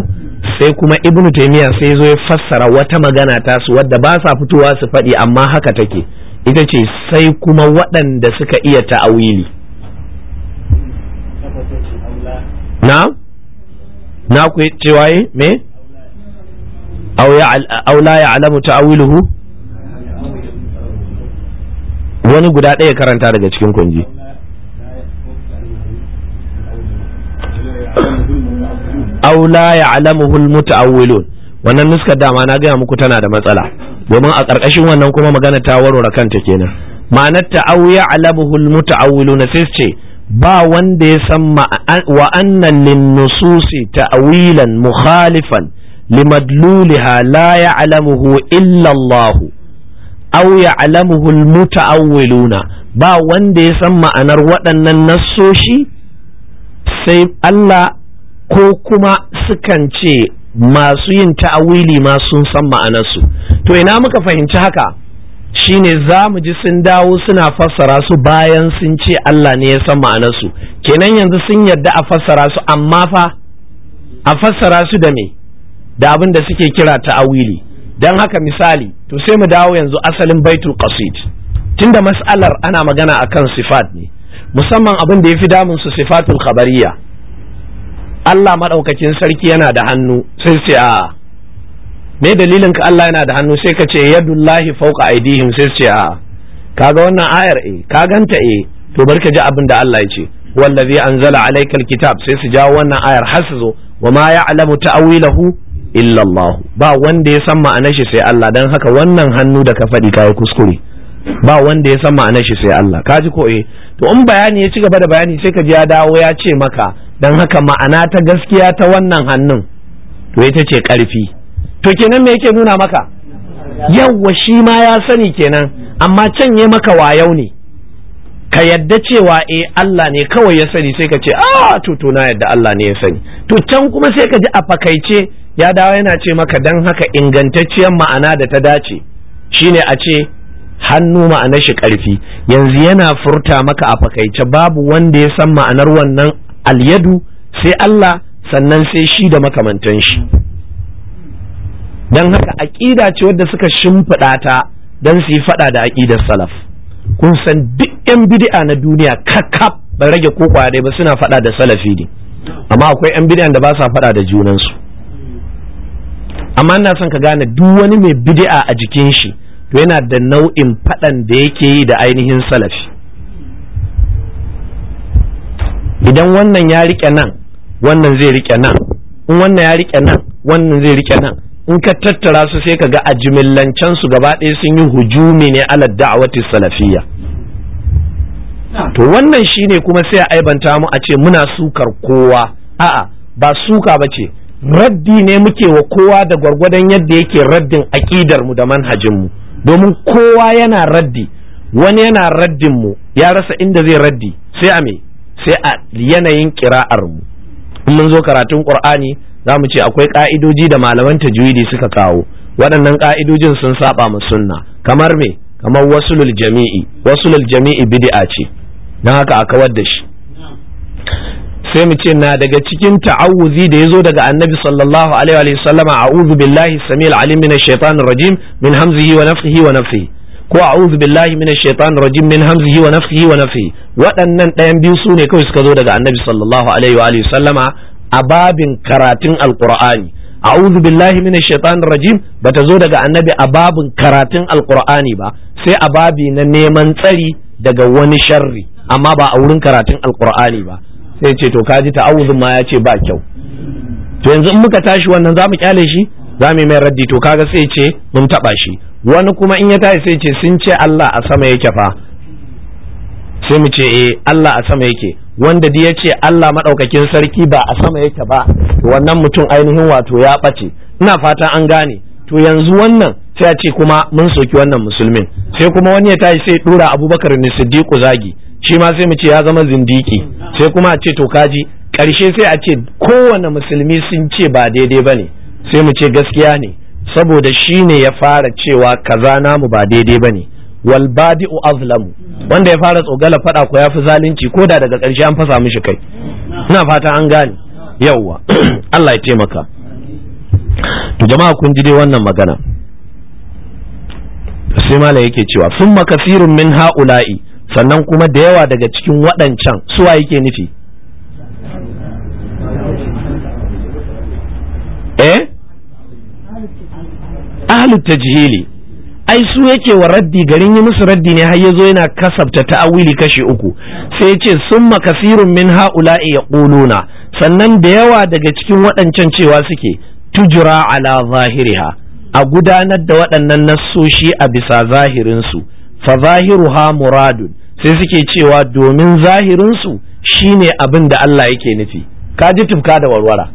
[SPEAKER 1] sai kuma ibnu taymiya sai zo ya fassara wata magana ta su wadda ba sa fitowa su faɗi amma haka take ita ce sai kuma waɗanda suka iya ta'awili na na ku cewa yi eh, me Au la ta ta'wiluhu wani guda ɗaya karanta daga cikin kwanji. Au la ya'lamuhu al-muta'awwilun wannan nuskar dama na gaya muku tana da matsala domin a ƙarƙashin wannan kuma magana ta warware kanta kenan ma'anar ta'awu ya'lamuhu al na sai ce ba wanda ya san wa annan linnususi nususi ta'wilan mukhalifan limadluliha la ya'lamuhu illa Allah aw ya'lamuhu almutaawwiluna ba wanda ya san ma'anar waɗannan nassoshi sai Allah ko kuma sukan ce masu yin ta'awili ma sun san ma'anarsu to ina muka fahimci haka shine za mu ji sun dawo suna fassara su bayan sun ce Allah ne ya san ma'anarsu kenan yanzu sun yarda a fassara su amma fa a fassara su da me da abin da suke kira ta'awili dan haka misali to sai mu dawo yanzu asalin baitul qasid tunda mas'alar ana magana akan sifat ne musamman abin da ya fi damun su sifatul khabariya Allah madaukakin sarki yana da hannu sai sai a me dalilin ka Allah yana da hannu sai ka ce yadullahi fauka aidihim sai ce a kaga wannan ayar eh ka ganta eh to bar ka ji abin da Allah ya ce wallazi anzala alaykal kitab sai su jawo wannan ayar har su zo wa ma ya'lamu ta'wilahu illa Allah ba wanda ya san ma'anar shi sai Allah dan haka wannan hannu da ka faɗi kai kuskure ba wanda ya san ma'anar shi sai Allah ka ji ko eh to in bayani ya ci gaba da bayani sai ka ji ya dawo ya ce maka dan haka ma'ana ta gaskiya ta wannan hannun to ita ce karfi to kenan me yake nuna maka yawwa shi ma ya sani kenan amma can ya maka wayau ne ka yadda cewa eh Allah ne kawai ya sani sai ka ce a ah, to to na yadda Allah ne ya sani to can kuma sai ka ji a fakaice ya dawo yana ce maka dan haka ingantacciyar ma'ana da ta dace shine a ce hannu ma'anar shi karfi. yanzu yana furta maka a fakaice babu wanda ya san ma'anar wannan alyadu sai Allah sannan sai shi da makamantan shi don haka aƙida ce wadda suka shimfiɗa ta don su yi faɗa da aƙidar salaf kun san duk 'yan bid'a na duniya kakaf ban rage ko kwaya ba suna faɗa da salafi ne amma akwai 'yan bid'a da ba sa faɗa da junansu amma ina son ka gane duk wani mai bid'a a jikin shi to yana da nau'in faɗan da yake yi da ainihin salafi idan wannan ya rike nan wannan zai rike nan in wannan ya rike nan wannan zai rike nan in ka tattara su sai ka ga a jimillancen su gaba ɗaya sun yi hujumi ne ala da'awati salafiyya to wannan shine kuma sai a aibanta mu a ce muna sukar kowa a'a ba suka ba ce raddi ne muke wa kowa da gwargwadon yadda yake raddin aƙidar mu da manhajin mu domin kowa yana raddi wani yana raddin mu ya rasa inda zai raddi sai a me sai a yanayin ƙira'ar mu in mun zo karatun qur'ani za mu ce akwai ka'idoji da malaman tajwidi suka kawo waɗannan ka'idojin sun saba mu sunna kamar me kamar wasulul jami'i wasulul jami'i bid'a ce don haka a kawar da shi sai mu ce na daga cikin ta'awuzi da ya zo daga annabi sallallahu alaihi wa sallama a'udhu billahi samil alim minash shaitanir rajim min hamzihi wa nafthihi wa nafthihi ko a'udhu billahi minash shaitanir rajim min hamzihi wa nafthihi wa nafthihi waɗannan ɗayan biyu su ne kawai suka zo daga annabi sallallahu alaihi wa sallama a babin karatun alkur'ani a'udhu billahi minash shaitanir rajim bata zo daga annabi a babin karatun alkur'ani ba sai a babi na neman tsari daga wani sharri amma ba a wurin karatun alkur'ani ba sai ce to kaji ta'awudhin ma ya ce ba kyau to yanzu in muka tashi wannan za mu kyale shi za mu yi mai raddi to kaga sai ce mun taba shi wani kuma in ya tashi sai ce sun ce Allah a sama yake fa sai mu ce eh Allah a sama yake wanda da yace Allah maɗaukakin sarki ba a sama yake ba wannan mutum ainihin wato ya ɓace ina fata an gane to yanzu wannan sai a ce kuma mun soki wannan musulmin sai kuma wani ya tashi sai ɗora abubakar ne siddiqu zagi shi ma sai mu ce ya zama zindiki sai kuma a ce to kaji ƙarshe sai a ce kowane musulmi sun ce ba daidai ba ne sai mu ce gaskiya ne saboda shi ne ya fara cewa kaza namu ba daidai ba ne wal badi'u azlamu wanda ya fara tsogala fada ko ya fi zalunci ko da daga ƙarshe an fasa mishi kai ina fata an gane yauwa Allah ya taimaka to jama'a kun ji dai wannan magana sai mala yake cewa sun makasirun min ha'ula'i sannan kuma da yawa daga cikin waɗancan suwa yake nufi eh ahlut tajhili ai su yake wa raddi garin yi musu raddi ne har yazo yana kasabta ta'awili kashi uku sai yace sun summa kasirun min haula'i yaquluna sannan da yawa daga cikin waɗancan cewa suke tujra ala zahiriha a gudanar da waɗannan nassoshi a bisa zahirinsu fa zahiruha muradun sai suke cewa domin zahirinsu shine abin da Allah yake nufi ka ji tufka da warwara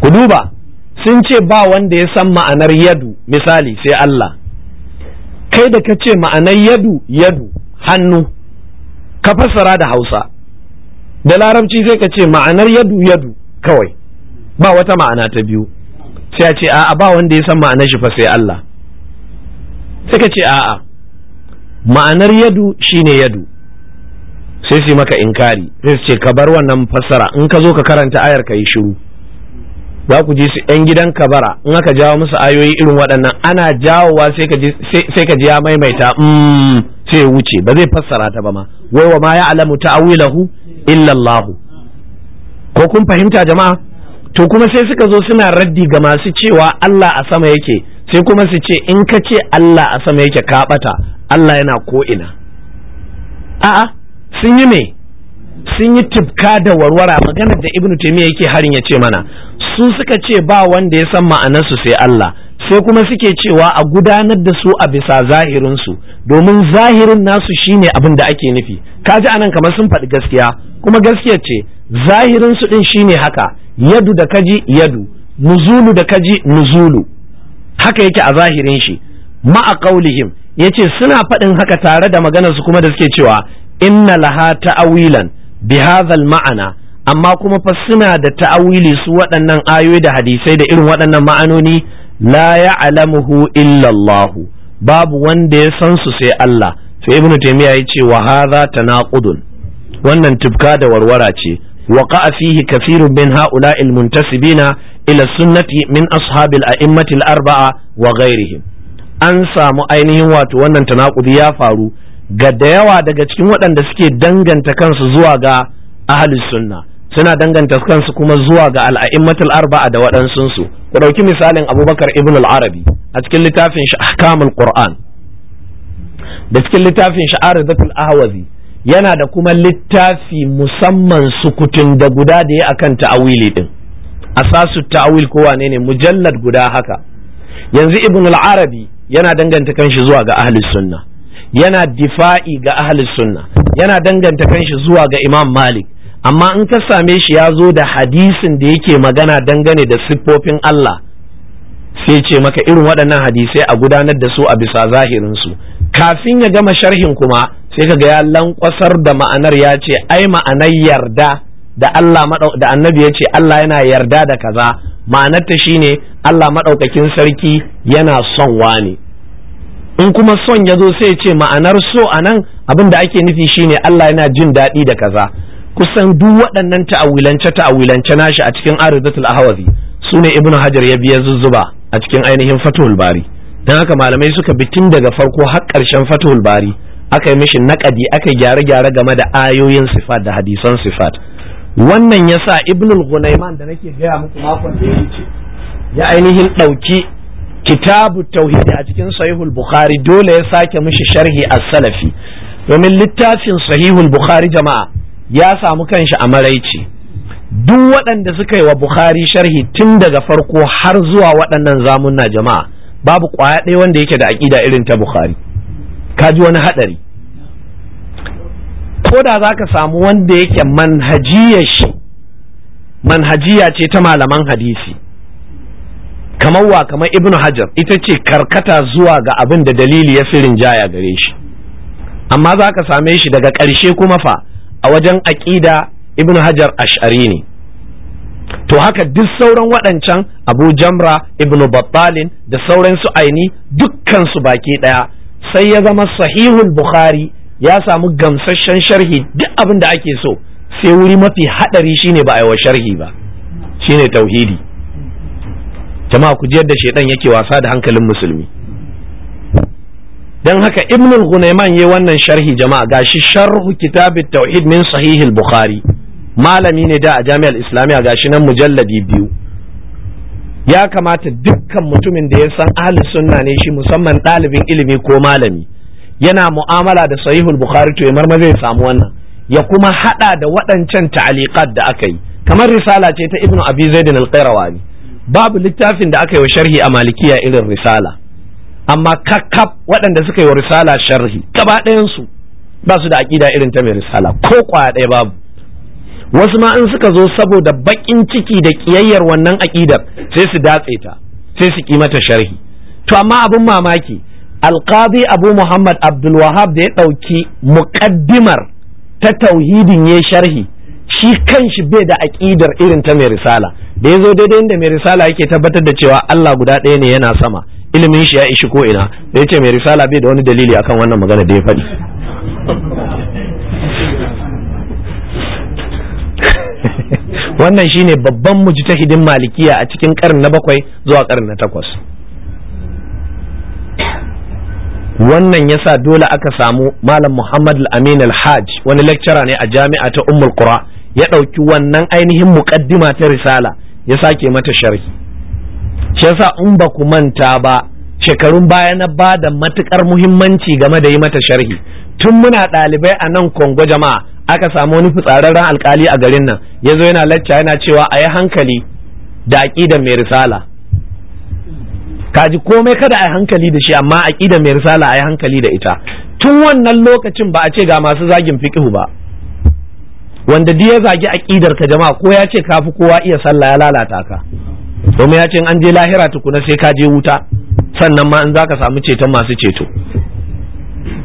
[SPEAKER 1] ku duba sun ce ba wanda ya san ma'anar yadu misali sai Allah kai da ka ce ma'anar yadu yadu hannu ka fassara da hausa da larabci sai ka ce ma'anar yadu yadu kawai ba wata ma'ana ta biyu sai a ce a'a ba wanda ya san ma'anar shi fa sai Allah sai ka ce a'a ma'anar yadu shine yadu sai su maka inkari sai su ce ka bar wannan fassara in ka zo ka karanta ayar ka yi shiru za ku je su yan gidan kabara in aka jawo musu ayoyi irin waɗannan ana jawowa sai ka ji ya maimaita mm, sai wuce ba zai fassara ta ba ma wai wa ma ya alamu ta'awilahu illallahu. illallahu ko kun fahimta jama'a to kuma sai suka zo suna raddi ga masu cewa Allah a sama yake sai kuma su ce in ka ce Allah a sama yake ka ɓata Allah yana ko ina a'a sun yi mai. sun yi tubka da warwara maganar da ibnu taimiyya yake harin ya ce mana su suka ce ba wanda ya san ma'anarsu sai Allah sai kuma suke cewa a gudanar da su a bisa zahirinsu domin zahirin nasu shine abin da ake nufi Ka ji anan kamar sun faɗi gaskiya kuma gaskiya ce zahirinsu din shine haka yadu da kaji yadu nuzulu da kaji nuzulu haka yake a zahirin shi ma'a qaulihim yace suna faɗin haka tare da maganar su kuma da suke cewa inna laha ta'awilan bihazal ma'ana amma kuma fa suna da ta'awili su waɗannan ayoyi da hadisai da irin waɗannan ma'anoni la ya'lamuhu illa babu wanda ya san su sai Allah sai ibnu taymiya ya ce wa hadha tanaqudun wannan tubka da warwara ce وقع فيه كثير من هؤلاء المنتسبين إلى السنة من أصحاب الأئمة الأربعة وغيرهم an samu ainihin wato wannan tanakudi ya faru ga da yawa daga cikin waɗanda suke danganta kansu zuwa ga ahlus sunna suna danganta kansu kuma zuwa ga al'a'immatul arba'a da waɗansunsu ku ɗauki misalin abubakar ibn al-arabi a cikin littafin shi ahkamul qur'an da cikin littafin shi aridatul ahwazi yana da kuma littafi musamman sukutun da guda da ya akan ta'awili din asasu ta'awil ko wane ne mujallad guda haka yanzu ibn al-arabi yana danganta kanshi zuwa ga ahlus sunna yana difa'i ga ahli sunna yana danganta kanshi zuwa ga imam malik amma in ka same shi ya zo da hadisin da yake magana dangane da siffofin Allah sai ce maka irin waɗannan hadisai a gudanar da su a bisa zahirinsu kafin ya gama sharhin kuma sai ka ya lankwasar da ma'anar ya ce ai ma'anar yarda da Allah da annabi ya ce Allah yana yarda da kaza ma'anarta shine Allah maɗaukakin sarki yana son wani in kuma son ya zo sai ce ma'anar so a nan abin da ake nufi shine Allah yana jin daɗi da kaza kusan duk waɗannan ta'awilance ta'awilance nashi a cikin Ahawazi ahwazi ne Ibn hajar ya biya zuzzuba a cikin ainihin fatul bari dan haka malamai suka bi tun daga farko har ƙarshen fatul bari aka yi mishi naƙadi aka gyare-gyare game da ayoyin sifat da hadisan sifat wannan yasa ibnul gunaiman da nake gaya muku makon da ya wuce ya ainihin ɗauki kitabu tauhidi a cikin sahihul bukhari dole ya sake mishi sharhi a salafi domin littafin sahihul bukhari jama'a ya samu kanshi a maraici duk waɗanda suka yi wa bukhari sharhi tun daga farko har zuwa waɗannan zamunna jama'a babu ƙwaya ɗaya wanda yake da aƙida irin ta bukhari Ka ji wani haɗari ko da za ka samu wanda yake manhajiyar shi manhajiya ce ta malaman hadisi kamar wa kamar ibnu hajar ita ce karkata zuwa ga abin da dalili ya fi rinjaya gare shi amma za ka same shi daga ƙarshe kuma fa a wajen aƙida ibnu hajar ash'ari ne to haka duk sauran waɗancan abu jamra ibnu babbalin da sauran su aini dukkan su baki ɗaya sai ya zama sahihul bukhari ya samu gamsasshen sharhi duk abin da ake so sai wuri mafi haɗari shine ba a yi wa sharhi ba shine tauhidi jama'a ku ji yadda shaidan yake wasa da hankalin musulmi dan haka ibn al ya yayi wannan sharhi jama'a gashi sharhu at tauhid min sahih al-bukhari malami ne da a jami'ar islamiyya gashi nan mujalladi biyu ya kamata dukkan mutumin da ya san ahli sunna ne shi musamman ɗalibin ilimi ko malami yana mu'amala da sahihul bukhari to ya marma zai samu wannan ya kuma hada da waɗancan ta'aliqat da aka yi kamar risala ce ta ibnu abi zaid al-qayrawani babu littafin da aka yi wa sharhi a malikiya irin risala amma kakkaf waɗanda suka yi wa risala sharhi gaba ɗayansu ba su da aƙida irin ta mai risala ko kwa ɗaya babu wasu ma in suka zo saboda baƙin ciki da ƙiyayyar wannan aƙidar sai su datse ta sai su ƙi mata sharhi to amma abin mamaki alƙadi abu muhammad abdulwahab da ya ɗauki muƙaddimar ta tauhidin ya sharhi shi kanshi bai da aƙidar irin ta mai risala da ya zo daidai inda mai risala yake tabbatar da cewa Allah guda ɗaya ne yana sama ilimin shi ya ishi ko ina da yace mai risala bai da wani dalili akan wannan magana da ya faɗi wannan shine babban mujtahidin malikiya a cikin karin na bakwai zuwa karin na takwas wannan ya sa dole aka samu malam muhammad al-amin al-hajj wani lecturer ne a jami'a ta ummul qura ya ɗauki wannan ainihin muƙaddima ta risala ya sake mata sharhi shi yasa in ba ku manta ba shekarun baya na ba da matukar muhimmanci game da yi mata sharhi tun muna ɗalibai a nan kongo jama'a aka samu wani fitsararren alkali a garin nan ya zo yana lacca yana cewa a yi hankali da aƙidan mai risala kaji komai kada a yi hankali da shi amma aƙidan mai risala a yi hankali da ita tun wannan lokacin ba a ce ga masu zagin fiƙihu ba wanda duk ya zagi aqidar ka jama'a ko ya ce kafi kowa iya sallah ya lalata ka Domin ya ce an je lahira tukuna sai ka je wuta sannan ma in zaka samu ceton masu ceto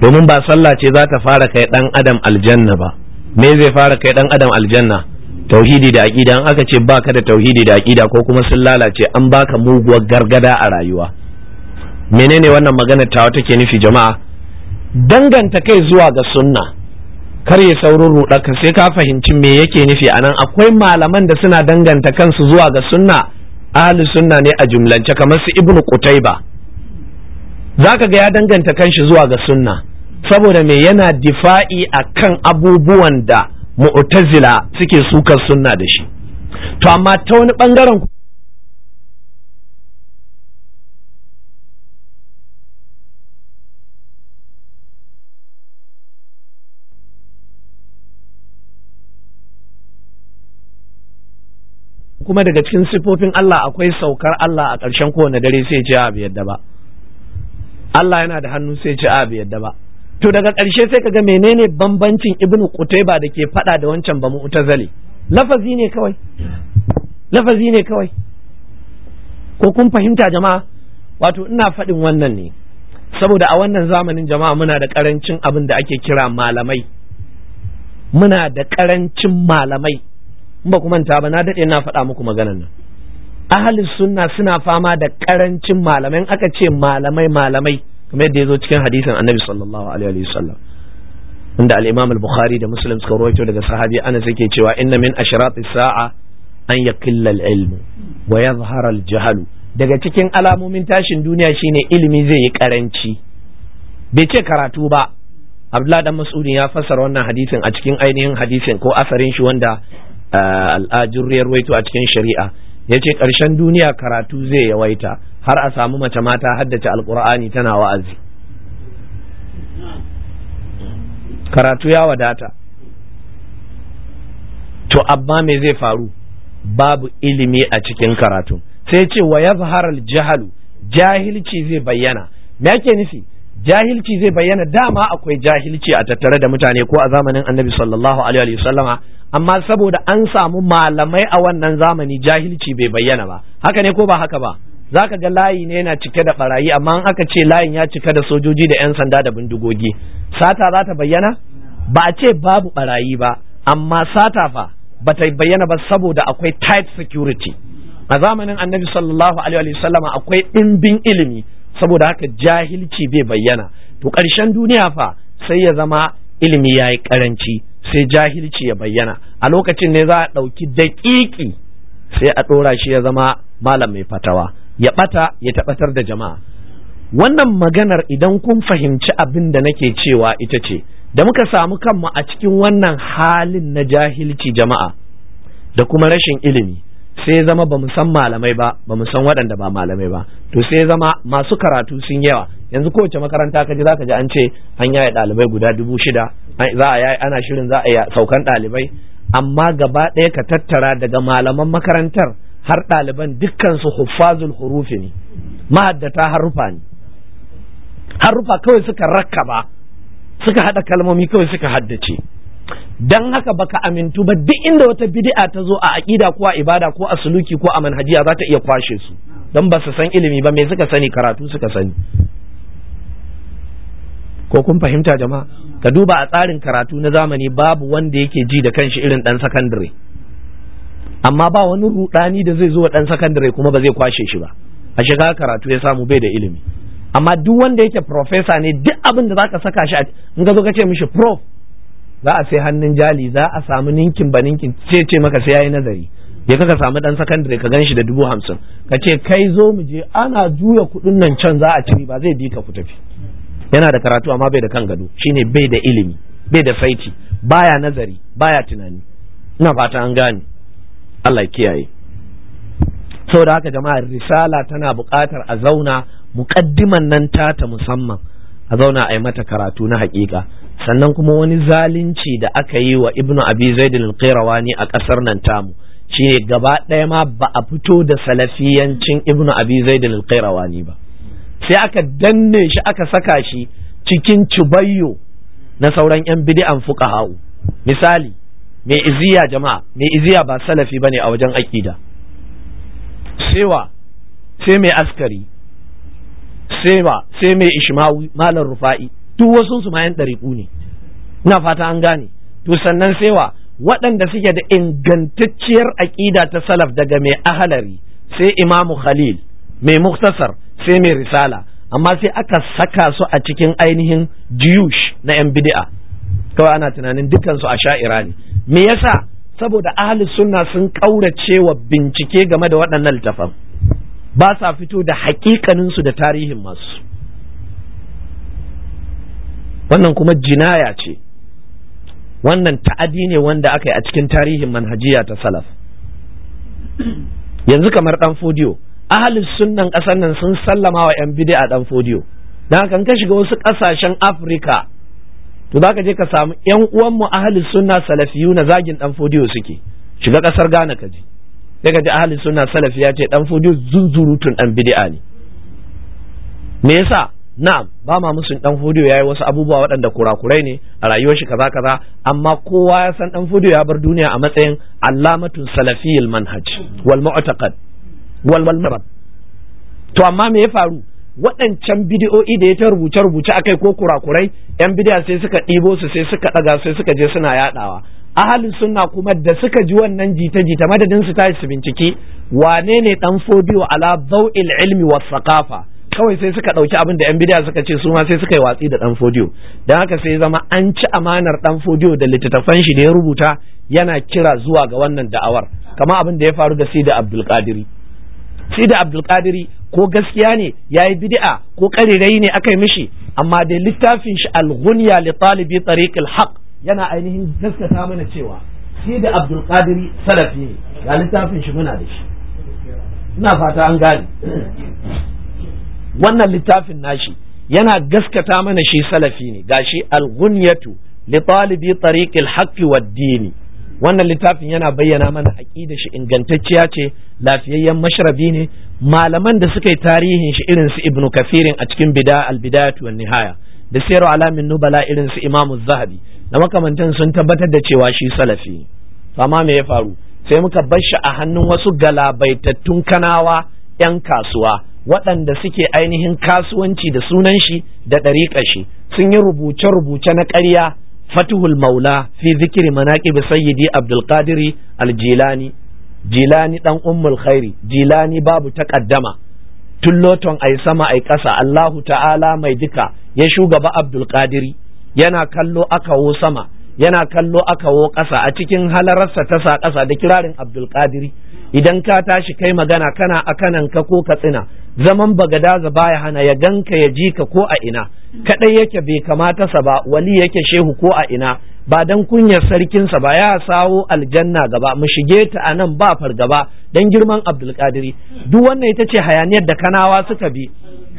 [SPEAKER 1] domin ba sallah ce za ta fara kai dan adam aljanna ba me zai fara kai dan adam aljanna tauhidi da aqida an aka ce baka da tauhidi da aqida ko kuma sun lalace an baka muguwar gargada a rayuwa menene wannan magana tawa take nufi jama'a danganta kai zuwa ga sunna kar ya saurin rudarka sai ka fahimci me yake nufi anan akwai malaman da suna danganta kansu zuwa ga sunna ahli sunna ne a jumlance kamar su ibnu qutayba zaka ga ya danganta kanshi zuwa ga sunna saboda me yana difa'i akan abubuwan da mu'tazila suke sukar sunna da shi to amma ta wani bangaren kuma daga cikin sifofin Allah akwai saukar Allah a ƙarshen kowane dare sai ce a yadda ba Allah yana da hannu sai ce a yadda ba to daga ƙarshe sai ka kaga menene bambancin Ibn qutayba da ke faɗa da wancan ba mu'tazali lafazi ne kawai lafazi ne kawai ko kun fahimta jama'a wato ina faɗin wannan ne saboda a wannan zamanin jama'a muna da ƙarancin abin da ake kira malamai muna da ƙarancin malamai ba ku manta ba na daɗe na faɗa muku maganan nan ahalin sunna suna fama da ƙarancin malamai aka ce malamai malamai kamar yadda ya zo cikin hadisin annabi sallallahu alaihi sallam inda al-imam al-bukhari da muslim suka rawaito daga sahabi ana sake cewa inna min ashrati sa'a an yaqilla al-ilm wa yadhhara al-jahl daga cikin alamomin tashin duniya shine ilimi zai yi karanci bai ce karatu ba Abdullah dan Mas'ud ya fassara wannan hadisin a cikin ainihin hadisin ko asarin shi wanda al'ajin ya ruwaito a cikin shari'a ya ce ƙarshen duniya karatu zai yawaita har a samu mace mata haddace alkur'ani tana wa'azi karatu ya wadata to abba me zai faru babu ilimi a cikin karatu sai ce wa yazhar jahalu jahilci zai bayyana me ake nufi jahilci zai bayyana dama akwai jahilci a tattare da mutane ko a zamanin annabi sallallahu alaihi wasallama amma saboda an samu malamai a wannan zamani jahilci bai bayyana ba haka ne ko ba haka ba zaka ga layi ne yana cike da barayi amma in aka ce layin ya cika da sojoji da 'yan sanda da bindigogi sata za ta bayyana ba a ce babu barayi ba amma sata fa ba ta bayyana ba saboda akwai tight security a zamanin annabi sallallahu alaihi wa sallama akwai ɗimbin ilimi saboda haka jahilci bai bayyana to ƙarshen duniya fa sai ya zama ilimi ya yi ƙaranci sai jahilci ya bayyana a lokacin ne za a ɗauki daƙiƙi sai a ɗora shi ya zama malam mai fatawa ya ɓata ya taɓatar da jama'a wannan maganar idan kun fahimci abin da nake cewa ita ce da muka samu kanmu a cikin wannan halin na jahilci jama'a da kuma rashin ilimi sai zama ba san malamai ba ba san waɗanda ba malamai ba to sai zama masu karatu sun yawa yanzu kowace makaranta ka ji ka ji an ce an yaya ɗalibai guda dubu shida za a ana shirin za a yi saukan ɗalibai amma gaba ɗaya ka tattara daga malaman makarantar har ɗaliban dukkansu huffazul hurufi ne mahaddata harufa ne harufa kawai suka rakkaba suka haɗa kalmomi kawai suka haddace dan haka baka amintu ba duk inda wata bid'a ta zo a aqida ko a ibada ko a suluki ko a manhajiya za ta iya kwashe su don ba su san ilimi ba me suka sani karatu suka sani ko kun fahimta jama'a ka duba a tsarin karatu na zamani babu wanda yake ji da kanshi irin dan sakandare amma ba wani rudani da zai zo wa dan sakandare kuma ba zai kwashe shi ba a shiga karatu ya samu bai da ilimi amma duk wanda yake profesa ne duk abin da zaka saka shi in ka zo ka ce mishi prof za a sai hannun jali za a samu ninkin ba ninkin ce ce maka sai yayi nazari ya ka samu dan sakandare ka gan shi da dubu hamsin ka ce kai zo mu je ana juya kuɗin nan can za a ci ba zai bi ka ku tafi yana da karatu amma bai da kan gado shine bai da ilimi bai da saiti baya nazari baya tunani ina fata an gane Allah ya kiyaye saboda haka jama'a risala tana buƙatar a zauna muƙaddiman nan tata musamman a zauna a yi mata karatu na haƙiƙa sannan kuma wani zalunci da aka yi wa ibnu abi zaid al-qirawani a ƙasar nan tamu shine gaba ɗaya ma ba a fito da salafiyancin ibnu abi zaid al-qirawani ba sai aka danne shi aka saka shi cikin cibayyo na sauran 'yan fuka ha'u misali mai iziya jama'a mai iziya ba salafi bane a wajen aƙida sewa sai mai askari sewa sai mai ishmawi malar rufa'i duk wasu su mayan 'yan ɗariƙu ne ina fata an gane to sannan sewa waɗanda suke da ingantacciyar aƙida ta salaf daga mai ahalari sai imamu khalil mai muktasar sai mai risala amma sai aka saka su a cikin ainihin jiyush na yan bidi'a kawai ana tunanin dukkan a sha'ira ne me yasa saboda ahli sunna sun kaurace wa bincike game da waɗannan littafan ba sa fito da hakikanin su da tarihin masu wannan kuma jinaya ce wannan ta'adi ne wanda aka yi a cikin tarihin manhajiya ta salaf yanzu kamar dan fodiyo ahalin sunnan kasar nan sun sallama wa 'yan bid'a dan fodiyo dan kan shiga wasu kasashen Afrika to za je ka samu 'yan uwan mu ahalin sunna salafiyu na zagin dan fodiyo suke shiga kasar ghana ka ji sai ka ji ahalin sunna salafi ya ce dan fodiyo zuzurutun dan bid'a ne me yasa na'am ba ma musun dan fodiyo yayi wasu abubuwa waɗanda kurakurai ne a rayuwar shi kaza kaza amma kowa ya san dan fodiyo ya bar duniya a matsayin alamatun salafiyil manhaj wal mu'taqad walwal to amma me ya faru waɗancan bidiyo'i da ya ta rubuce-rubuce a kai ko kurakurai yan bidiya sai suka ɗibo su sai suka ɗaga sai suka je suna yaɗawa ahalin suna kuma da suka ji wannan jita-jita madadin su ta su bincike wane ne dan fodiyo ala zau'il ilmi wa sakafa kawai sai suka ɗauki abin da yan bidiya suka ce su ma sai suka yi watsi da ɗan fodiyo don haka sai zama an ci amanar ɗan fodiyo da littattafan shi da ya rubuta yana kira zuwa ga wannan da'awar kamar abin da ya faru da da abdulkadiri shi da abdulkadiri ko gaskiya ne ya yi bid'a ko karirai ne aka yi mishi amma da littafin shi al-ghunya li talibi tariq al-haq yana ainihin gaskata mana cewa shi da abdulkadiri salafi ne ga littafin shi muna da shi ina fata an gane wannan littafin nashi yana gaskata mana shi salafi ne gashi al-ghunyatu li talibi tariq al-haq dini wannan littafin yana bayyana mana aƙida shi ingantacciya ce lafiyayyen mashrabi ne malaman da suka yi tarihin shi irin su ibnu kafirin a cikin bida albidayat wan nihaya da sayar alamin nubala irin su imamu zahabi da makamantan sun tabbatar da cewa shi salafi amma me ya faru sai muka bar shi a hannun wasu galabaitattun kanawa yan kasuwa waɗanda suke ainihin kasuwanci da sunan shi da ɗariƙa shi sun yi rubuce-rubuce na ƙarya fatuhul maula fi zikiri manaqib sayyidi abdul Aljilani. jilani ɗan dan jilani babu takaddama tulloton ai sama ai ƙasa Allahu ta'ala mai duka ya shugaba abdul yana kallo akawo sama yana kallo akawo ƙasa a cikin halararsa ta sa ƙasa da kirarin abdul idan ka tashi kai magana kana a ka ko katsina zaman za baya hana ya ganka ya ji ka ko a ina kadai yake bai kamata sa ba wali yake shehu ko a ina ba dan kunyar sa ba ya sawo aljanna gaba mu shige ta a nan ba fargaba dan girman abdulkadiri duk wannan ita ce hayaniyar da kanawa suka bi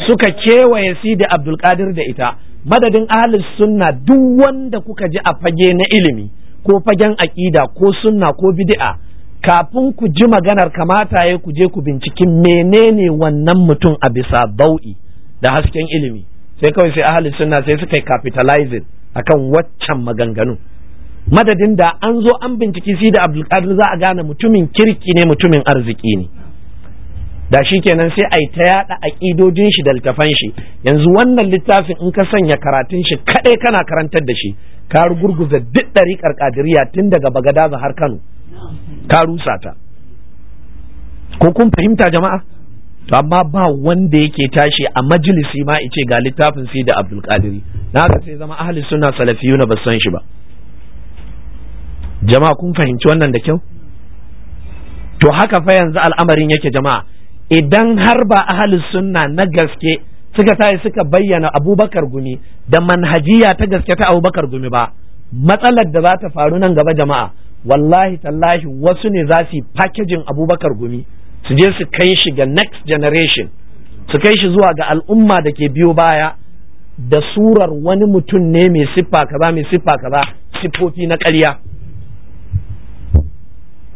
[SPEAKER 1] suka kewaye sidi abdulkadir da ita madadin ahlus sunna duk wanda kuka ji a fage na ilimi ko fagen aƙida ko sunna ko bid'a kafin ku ji maganar kamata ya ku je ku binciki menene wannan mutum a bisa bau'i da hasken ilimi sai kawai sai ahali suna sai suka yi capitalizing akan waccan maganganu madadin da an zo an binciki si da abdulkadir za a gane mutumin kirki ne mutumin arziki ne da shi kenan sai a yi ta yada aƙidojin shi da littafan shi yanzu wannan littafin in ka sanya karatun shi kadai kana karantar da shi ka rugurguza duk ɗariƙar ƙadiriya tun daga bagadaza har kano ka rusa ta ko kun fahimta jama'a to amma ba wanda yake tashi a majalisi ma ice ga littafin sai da abdul qadiri na haka sai zama ahli sunna salafiyu na san shi ba jama'a kun fahimci wannan da kyau to haka fa yanzu al'amarin yake jama'a idan har ba ahli sunna na gaske suka sai suka bayyana abubakar gumi da manhajiya ta gaske ta abubakar gumi ba matsalar da za ta faru nan gaba jama'a wallahi tallahi wasu ne za su yi abubakar gumi su je su kai shi ga next generation su kai shi zuwa ga al'umma da ke biyo baya da surar wani mutum ne mai siffa kaza mai siffa kaza siffofi na ƙarya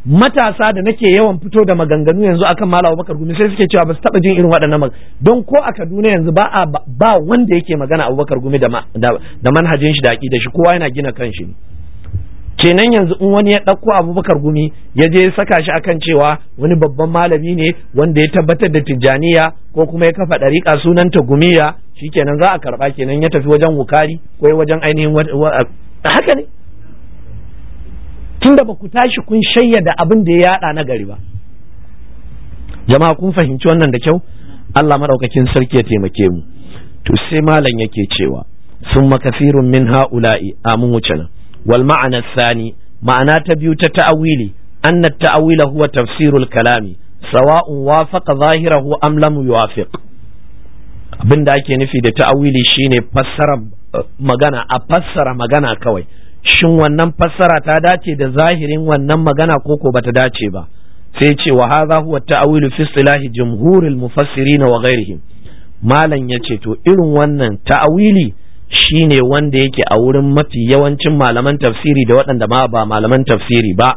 [SPEAKER 1] matasa da nake yawan fito da maganganu yanzu akan malam Abubakar Gumi sai suke cewa ba su taba jin irin waɗannan mag don ko a Kaduna yanzu ba a ba wanda yake magana Abubakar Gumi da manhajin shi da shi kowa yana gina kan shi. kenan yanzu in wani ya ɗauko abubakar gumi ya je ya saka shi akan cewa wani babban malami ne wanda ya tabbatar da tijjaniya ko kuma ya kafa ɗariƙa sunanta gumiya Shi kenan za a karɓa kenan ya tafi wajen wukari ko wajen ainihin haka ne tunda ba ku tashi kun da abin da ya yaɗa na gari ba jama'a kun fahimci wannan da kyau Allah maɗaukakin sarki ya taimake mu to sai malam yake cewa sun makasirun min ha'ula'i amin wuce nan wal Sani ma'ana ta biyu ta ta'awili anna ta'awila huwa tafsirul kalami sawa'un wafaƙa zahirahu am lam abin da ake nufi da ta'awili shine fassara eh, magana a fassara magana kawai shin wannan fassara ta dace da zahirin wannan magana ko ko bata dace ba sai ce wa huwa ta'awilu fi istilahi jumhuril mufassirina wa ghairihim malam yace to irin wannan ta'awili shine wanda yake a wurin mafi yawancin malaman tafsiri da waɗanda ma ba malaman tafsiri ba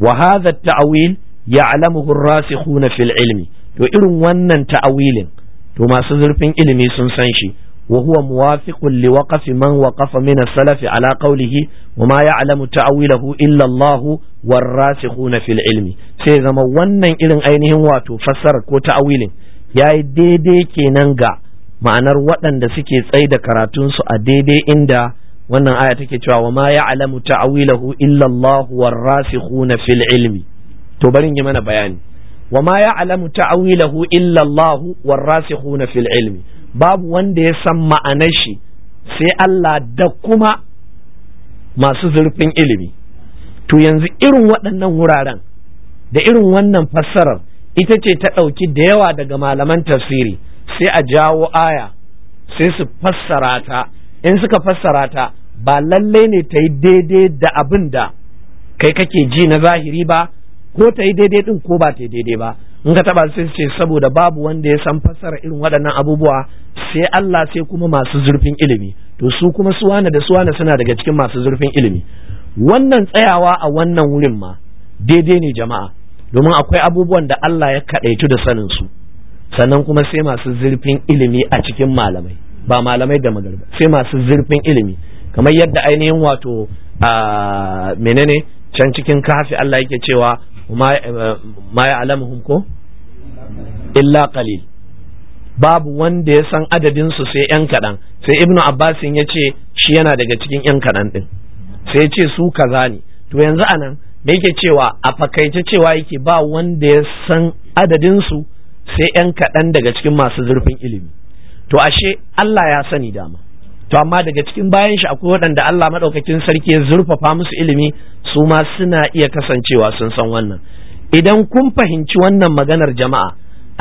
[SPEAKER 1] wa hadha ta'wil ya'lamuhu ar-rasikhuna fil ilmi to irin wannan ta'awilin to masu zurfin ilimi sun san shi wa huwa muwafiqun li waqfi man waqafa min as-salaf ala qawlihi wa ma ya'lamu ta'wilahu illa Allah war-rasikhuna fil ilmi sai zama wannan irin ainihin wato fassara ko ta'awilin yayi daidai kenan ga ma'anar waɗanda suke tsai da karatunsu a daidai inda wannan aya take cewa wa ma ya alamu ta'wilahu illa Allah war rasikhuna fil ilmi to barin yi mana bayani wa ma ya alamu ta'wilahu illa Allah war rasikhuna fil ilmi babu wanda ya san ma'anar shi sai Allah da kuma masu zurfin ilimi to yanzu irin waɗannan wuraren da irin wannan fassarar ita ce ta ɗauki da yawa daga malaman tafsiri sai a jawo aya sai su fassara ta in suka fassara ta ba lallai ne ta yi daidai da abin da kai kake ji na zahiri ba ko ta yi daidai din ko ba ta yi daidai ba in ka taba sai ce saboda babu wanda ya san fassara irin waɗannan abubuwa sai Allah sai kuma masu zurfin ilimi to su kuma su wane da su wane suna daga cikin masu zurfin ilimi wannan tsayawa a wannan wurin ma daidai ne jama'a domin akwai abubuwan da Allah ya kaɗaitu da sanin su sannan kuma sai masu zurfin ilimi a cikin malamai ba malamai da magarba sai masu zurfin ilimi kamar yadda ainihin wato a menene can cikin kafi Allah yake cewa ma ya alamuhum ko illa qalil babu wanda ya san adadinsu sai yan kaɗan sai ibnu abbasin ya ce shi yana daga cikin yan kaɗan ɗin sai ya ce su kaza ne to yanzu anan me yake cewa a fakaice cewa yake ba wanda ya san adadinsu? sai ‘yan kaɗan daga cikin masu zurfin ilimi to ashe Allah ya sani dama to amma daga cikin bayan shi akwai waɗanda Allah maɗaukakin sarki ya zurfafa musu ilimi su ma suna iya kasancewa sun san wannan idan kun fahimci wannan maganar jama'a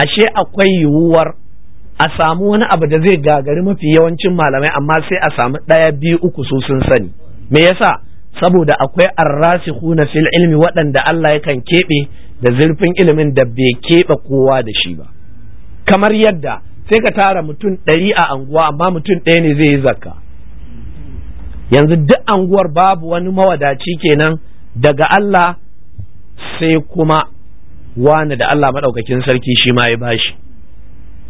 [SPEAKER 1] ashe akwai yiwuwar a samu wani abu da zai gagari mafi yawancin malamai amma sai a samu ɗaya biyu uku su sun sani me yasa saboda akwai arrasikhuna fil ilmi waɗanda Allah yakan keɓe da zurfin ilimin da bai keɓe kowa da shi ba kamar yadda sai ka tara mutum ɗari a anguwa amma mutum ɗaya ne zai yi zakka yanzu duk anguwar babu wani mawadaci kenan daga Allah sai kuma wani da Allah maɗaukakin sarki shi ma ya bashi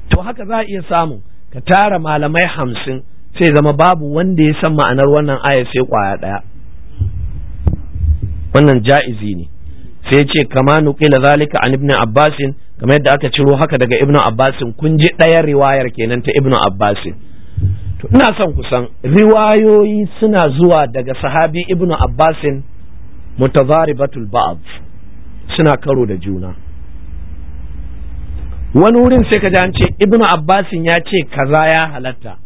[SPEAKER 1] to haka za a iya samu ka tara malamai hamsin sai zama babu wanda ya san ma'anar wannan aya sai kwaya ɗaya wannan ja'izi ne sai ce kama kila zalika an ibn abbasin kamar yadda aka ciro haka daga ibn abbasin kun ji ɗaya riwayar kenan ta ibn abbasin to ina son kusan riwayoyi suna zuwa daga sahabi ibn abbasin mutazaribatul ba'd suna karo da juna wani wurin sai ka ce ibnu abbasin ya ce kaza ya halatta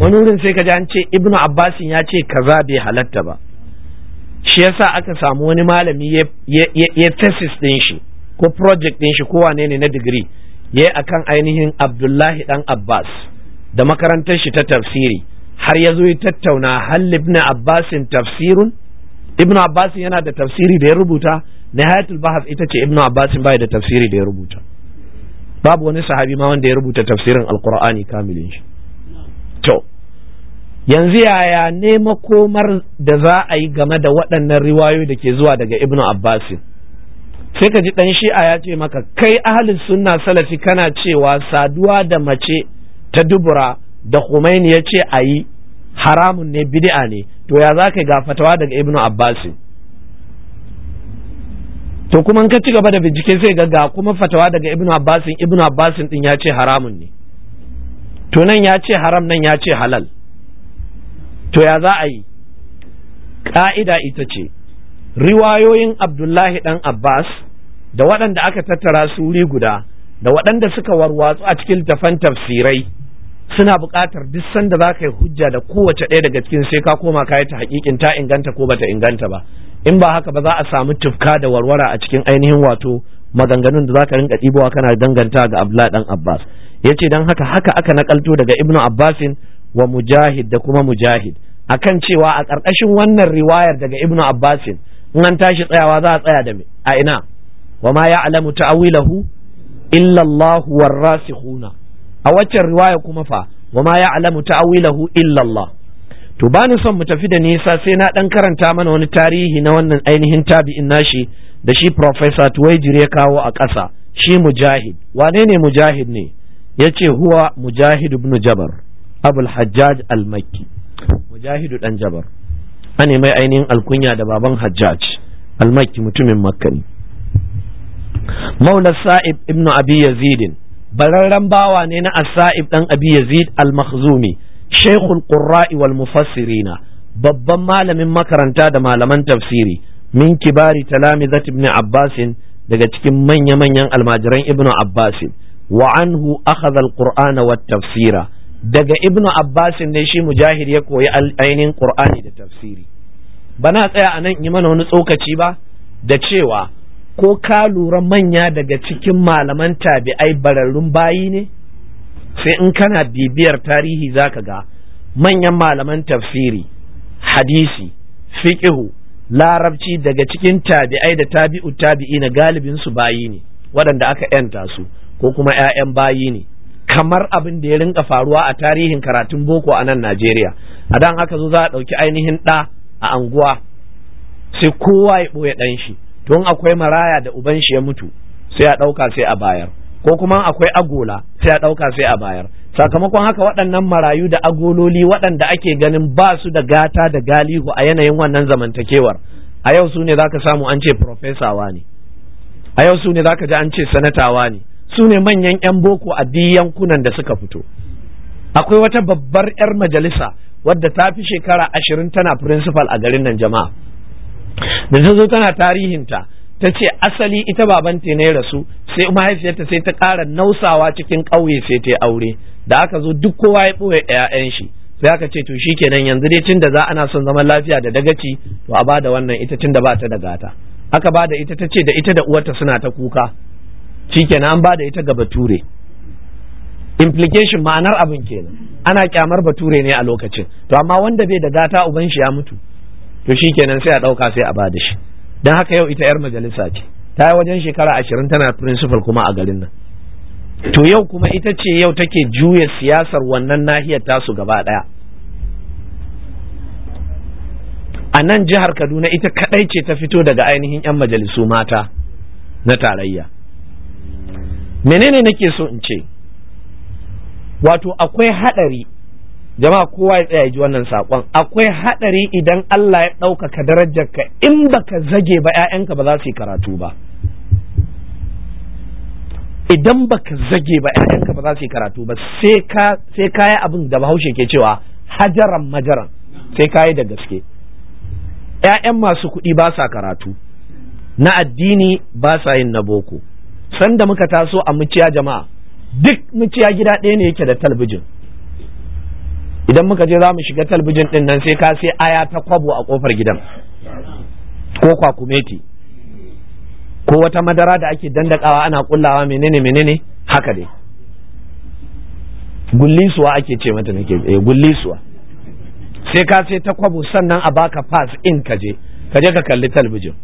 [SPEAKER 1] wani wurin sai ka ce ibnu abbasin ya ce kaza bai halatta ba shi yasa aka samu wani malami ya thesis din shi ko project din shi ko wane ne na digiri ya yi akan ainihin abdullahi dan abbas da makarantar shi ta tafsiri har ya zo ya tattauna hal ibn abbasin tafsirun ibn abbasin yana da tafsiri da ya rubuta nihayatul bahas ita ce ibn abbasin bai da tafsiri da ya rubuta babu wani sahabi ma wanda ya rubuta tafsirin alqur'ani kamilin shi to yanzu yaya ne makomar da za a yi game da waɗannan riwayoyi da ke zuwa daga ibnu abbasin sai ka ji ɗan shi'a ya ce maka kai ahalin sunna salafi kana cewa saduwa da mace ta dubura da Khomeini ya ce a yi haramun ne bid'a ne to ya za ka gafatawa daga Ibnu abbasin to kuma ka ci gaba da bincike sai ga ga kuma fatawa daga Ibnu abbasin Ibnu abbasin din ya ce haramun ne to nan ya ce haram nan ya ce halal to ya za a yi ƙa'ida ita ce riwayoyin abdullahi ɗan abbas da waɗanda aka tattara su wuri guda da waɗanda suka warwatsu a cikin tafan tafsirai suna buƙatar duk sanda za ka yi hujja da kowace ɗaya daga cikin sai ka koma ka yi ta haƙiƙin ta inganta ko bata inganta ba in ba haka ba za a samu tufka da warwara a cikin ainihin wato maganganun da za ka rinka ɗibowa kana danganta ga abdullahi ɗan abbas ya ce don haka haka aka naƙalto daga ibnu abbasin wa mujahid da kuma mujahid akan cewa a ƙarƙashin wannan riwayar daga ibnu abbasin in an tashi tsayawa za a tsaya da a ina wa ma ya'lamu ta'wilahu illa Allah warasikhuna a waccan riwaya kuma fa wa ma ya'lamu ta'wilahu illa Allah to bani son mu tafi da nisa sai na dan karanta mana wani tarihi na wannan ainihin tabi'in nashi da shi professor Tuwaijir ya kawo a ƙasa shi mujahid wane ne mujahid ne yace huwa mujahid ibn Jabar abul hajjaj al-makki mujahidu dan jabar ane mai ainihin alkunya da baban hajjaj al-makki mutumin makka ne maula sa'ib ibn abi yazid bararren bawa ne na as-sa'ib dan abi yazid al-makhzumi shaykhul qurra'i wal mufassirina babban malamin makaranta da malaman tafsiri min kibari talamizat ibn abbasin daga cikin manya-manyan almajiran ibn abbasin wa anhu akhadha al-qur'ana wat tafsira daga ibnu abbasin ne shi mujahid ya koyi ainihin qur'ani da tafsiri bana tsaya a nan yi mana wani tsokaci ba da cewa ko ka lura manya daga cikin malaman tabi'ai bararrun bayi ne sai in kana bibiyar tarihi zaka ga manyan malaman tafsiri hadisi fiqihu larabci daga cikin tabi'ai da tabi'u tabi'i na galibin su bayi ne waɗanda aka yanta su ko kuma 'ya'yan bayi ne kamar abin da ya rinka faruwa a tarihin karatun boko a nan Najeriya a dan haka zo za a ɗauki ainihin ɗa a anguwa sai kowa ya ɓoye ɗan shi tun akwai maraya da uban shi ya mutu sai a ɗauka sai a bayar ko kuma akwai agola sai a ɗauka sai a bayar sakamakon haka waɗannan marayu da agololi waɗanda ake ganin ba su da gata da galihu a yanayin wannan zamantakewar a yau su ne za ka samu an ce profesawa ne a yau su ne za ka ji an ce sanatawa ne su ne manyan 'yan boko a yankunan da suka fito akwai wata babbar 'yar majalisa wadda ta fi shekara ashirin tana principal a garin nan jama'a da zo tana tarihinta ta ce asali ita babanta ne rasu sai mahaifiyarta sai ta ƙara nausawa cikin ƙauye sai ta yi aure da aka zo duk kowa ya ɓoye 'ya'yan shi sai aka ce to shi kenan yanzu dai tun da za ana son zaman lafiya da dagaci to a bada wannan ita tun da ba ta da gata aka bada ita ta ce da ita da uwarta suna ta kuka shikenan an bada ita ga bature implication ma'anar abin kenan ana kyamar bature ne a lokacin to amma wanda bai da gata uban shi ya mutu to shikenan sai a ɗauka sai a ba da shi Don haka yau ita yar majalisa ce ta yi wajen shekara ashirin tana principal kuma a garin nan to yau kuma ita ce yau take juya siyasar wannan nahiyar tasu gaba ɗaya? a nan jihar kaduna ita kaɗai ce ta fito daga ainihin 'yan majalisu mata na tarayya menene nake so in ce wato akwai haɗari jama'a kowa ya tsaya ji wannan sakon? akwai haɗari idan Allah ya ɗaukaka darajarka in baka zage ba ƴaƴanka ba za su yi karatu ba idan baka zage ba ƴaƴanka ba za su yi karatu ba sai ka sai kayi abin da bahaushe ke cewa hajaran majaran sai kayi da gaske Ƴaƴan masu kuɗi ba sa karatu na addini ba sa yin na boko sanda muka taso a muciya jama'a duk muciya gida ɗaya ne yake da talbijin idan muka je za mu shiga talbijin ɗin nan sai ka sai aya ta kwabo a ƙofar gidan ko kwakumeti ko wata madara da ake dandakawa ana kullawa menene menene haka dai gullisuwa ake ce mata nake eh gullisuwa sai ka sai ta kwabo sannan a baka pass in ka je ka kalli talbijin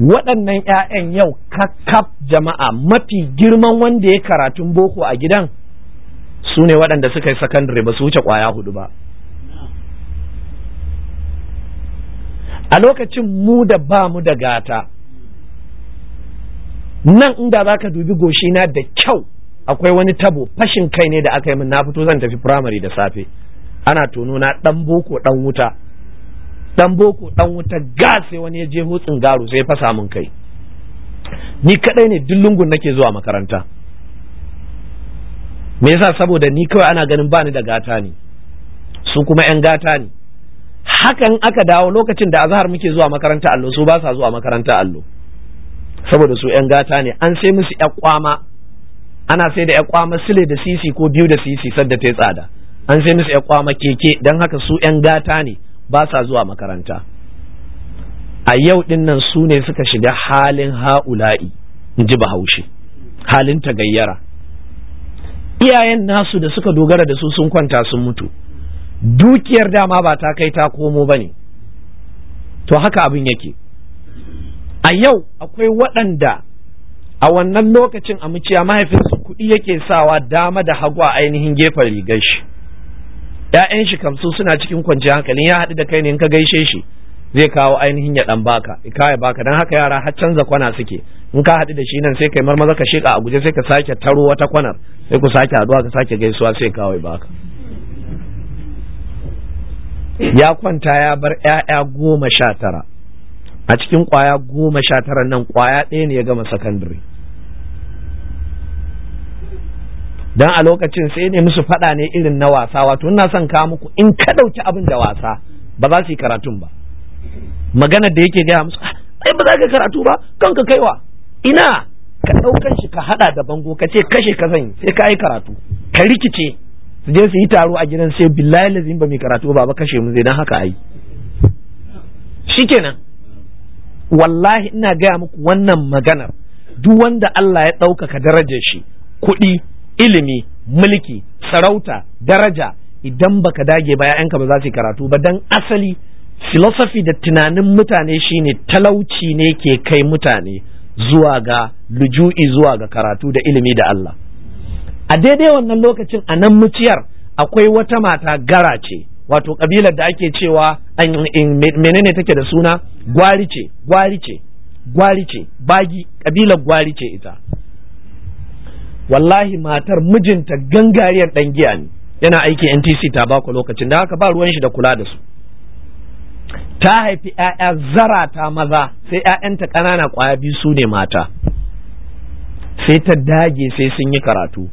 [SPEAKER 1] waɗannan 'ya'yan yau kakkaf jama'a mafi girman wanda ya karatun boko a gidan su ne waɗanda suka yi sakandare ba su wuce ƙwaya hudu ba a lokacin mu da ba mu da gata nan inda za ka dubi goshina da kyau akwai wani tabo fashin kai ne da aka yi min na fito zan tafi firamare da safe ana tono na ɗan boko ɗan wuta dan boko dan wuta ga sai wani ya je hutsin garu sai fasa mun kai ni kadai ne duk nake zuwa makaranta me yasa saboda ni kawai ana ganin bani da gata ne su kuma yan gata ne hakan aka dawo lokacin da azhar muke zuwa makaranta allo su ba sa zuwa makaranta allo saboda su yan gata ne an sai musu yan kwama ana sai da yan kwama sile da sisi ko biyu da sisi sadda ta tsada an sai musu yan kwama keke dan haka su yan gata ne ba sa zuwa makaranta a yau din nan su ne suka shiga halin ha'ula'i in ji bahaushe halin tagayyara iyayen nasu da suka dogara da su sun kwanta sun mutu dukiyar dama ba ta kai ta komo ba ne to haka abin yake a yau akwai waɗanda a wannan lokacin a mahaifinsu kuɗi yake sawa dama da hagu a ainihin gefen rigar shi 'ya'yan shi kamsu suna cikin kwanciyar hankali ya haɗu da kai ne in ka gaishe shi zai kawo ainihin ya dan baka ka ya baka dan haka yara har canza kwana suke in ka haɗu da shi nan sai kai marmaza ka sheka a guje sai ka sake taro wata kwanar sai ku sake haɗuwa ka sake gaisuwa sai kawo ya baka ya kwanta ya bar 'ya'ya goma sha tara a cikin ƙwaya goma sha tara nan ƙwaya ɗaya ne ya gama sakandare dan a lokacin sai ne musu faɗa ne irin na wasa wato ina son kawo muku in ka ɗauki abin da wasa ba za su yi karatun ba magana da yake gaya musu ah, ai ba za ka karatu ba ka kaiwa ina ka ɗaukan shi ka haɗa da bango ka ce kashe ka yi, sai ka yi karatu ka rikice su je su yi taro a gidan sai billahi lazim ba mai karatu ba ba kashe mu zai dan haka ai shikenan wallahi ina gaya muku wannan maganar duk wanda Allah ya ɗaukaka darajar shi kuɗi ilimi mulki sarauta daraja idan baka dage ba ‘ya'yanka ba za su karatu ba don asali filosofi da tunanin mutane shine talauci ne ke kai mutane zuwa ga luju'i zuwa ga karatu da ilimi da Allah a daidai wannan lokacin a nan muciyar akwai wata mata gara ce wato kabilar da ake cewa menene take da suna gwari ce gwari ce gwari ce bagi kabilar gwari ce ita wallahi matar mijinta gangariyar dan giya ne yana aiki NTC ta ku lokacin da haka ba ruwan shi da kula da su ta haifi ƴaƴa zara ta maza sai ƴaƴanta ƙanana ƙwaya biyu su ne mata sai ta dage sai sun yi karatu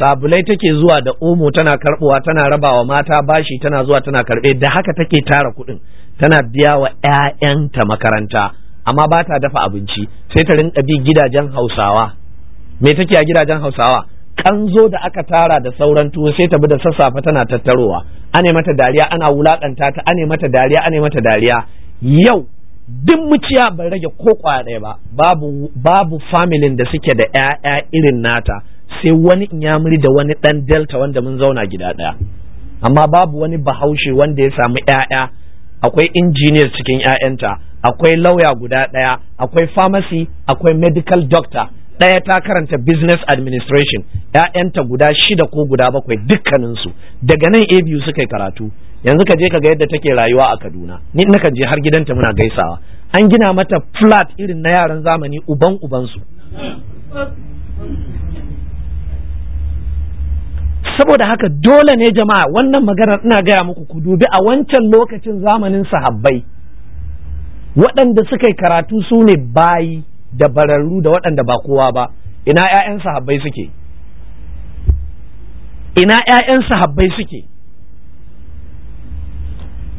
[SPEAKER 1] sabulai take zuwa da omo tana karbowa tana rabawa mata bashi tana zuwa tana karbe da haka take tara kuɗin tana biya wa ƴaƴanta makaranta amma ba ta dafa abinci sai ta rinka bi gidajen hausawa me take a gidajen hausawa kanzo da aka tara da sauran tuwo sai ta bi da sassafe tana tattarowa ane mata dariya ana wulakanta ta ane mata dariya ane mata dariya yau duk muciya ban rage ko ɗaya ba babu babu familin da suke da ƴaƴa irin nata sai wani inyamuri da wani ɗan delta wanda mun zauna gida ɗaya amma babu wani bahaushe wanda ya samu ƴaƴa akwai engineer cikin ƴaƴanta akwai lauya guda ɗaya akwai famasi, akwai medical doctor ɗaya ta karanta business administration ‘ya'yanta guda shida ko guda bakwai dukkaninsu daga nan a biyu suka yi karatu yanzu ka je ka ga yadda take rayuwa a kaduna ni na kan je har gidanta muna gaisawa an gina mata flat irin na yaran zamani uban ubansu saboda haka dole ne jama'a wannan maganar ina gaya muku ku dubi a wancan lokacin zamanin sahabbai waɗanda suka yi karatu su ne bayi da bararru da waɗanda ba kowa ba ina 'ya'yan sahabbai suke ina 'ya'yan sahabbai suke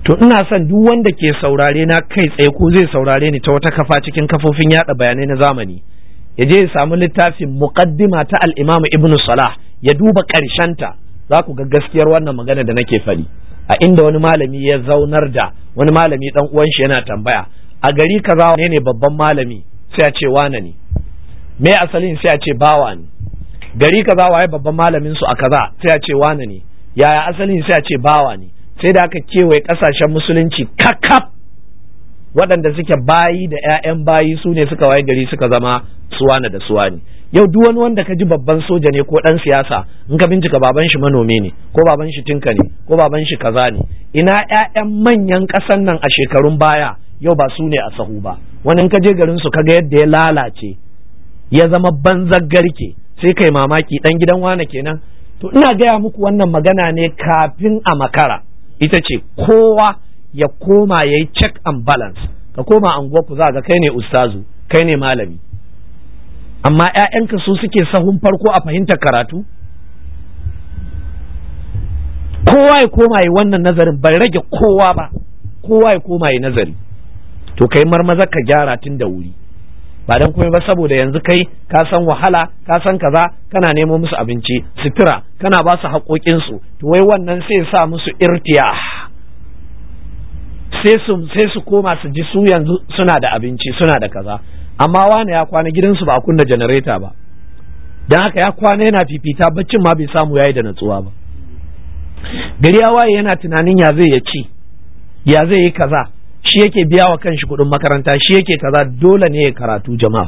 [SPEAKER 1] to ina son duk wanda ke saurare na kai tsaye ko zai saurare ni ta wata kafa cikin kafofin yada bayanai na zamani ya je ya samu littafin muqaddima ta al-Imam Ibn Salah ya duba ta za ku ga gaskiyar wannan magana da nake fari. a inda wani malami ya zaunar da wani malami dan uwan shi yana tambaya a gari kaza ne ne babban malami sai a ce wane ne me asalin sai a ce bawa ne gari kaza waye babban malamin su a kaza sai a ce wane ne yaya asalin sai a ce bawa ne sai da aka kewaye kasashen musulunci kakaf waɗanda suke bayi da 'ya'yan bayi su ne suka waye gari suka zama suwane da suwane yau duk wani wanda ka ji babban soja ne ko dan siyasa in ka bincika baban shi manomi ne ko baban shi tinka ne ko baban shi kaza ne ina 'ya'yan manyan ƙasan nan a shekarun baya yau ba su ne a sahu ba wani ka je garin su kaga yadda ya lalace ya zama banzar garke sai kai mamaki dan gidan wane kenan to ina gaya muku wannan magana ne kafin a makara ita ce kowa ya koma ya yi check and balance ka koma ku za ga kai ne ustazu kai ne malami amma 'ya'yanka su suke sahun farko a fahimtar karatu kowa ya koma yi wannan nazarin bai rage kowa ba kowa ya koma yi nazari to kai marmaza ka gyara tun da wuri ba dan komai ba saboda yanzu kai ka san wahala ka san kaza kana nemo musu abinci sutura kana ba su haƙoƙin su to wai wannan sai sa musu irtiya sai su sai su koma su ji su yanzu suna da abinci suna da kaza amma wani ya kwana gidansu ba a kunna janareta ba dan haka ya kwana yana fifita baccin ma bai samu yayi da natsuwa ba gari ya waye yana tunanin ya zai ya ci ya zai yi kaza shi yake biya wa kanshi kuɗin makaranta shi yake kaza dole ne ya karatu jama'a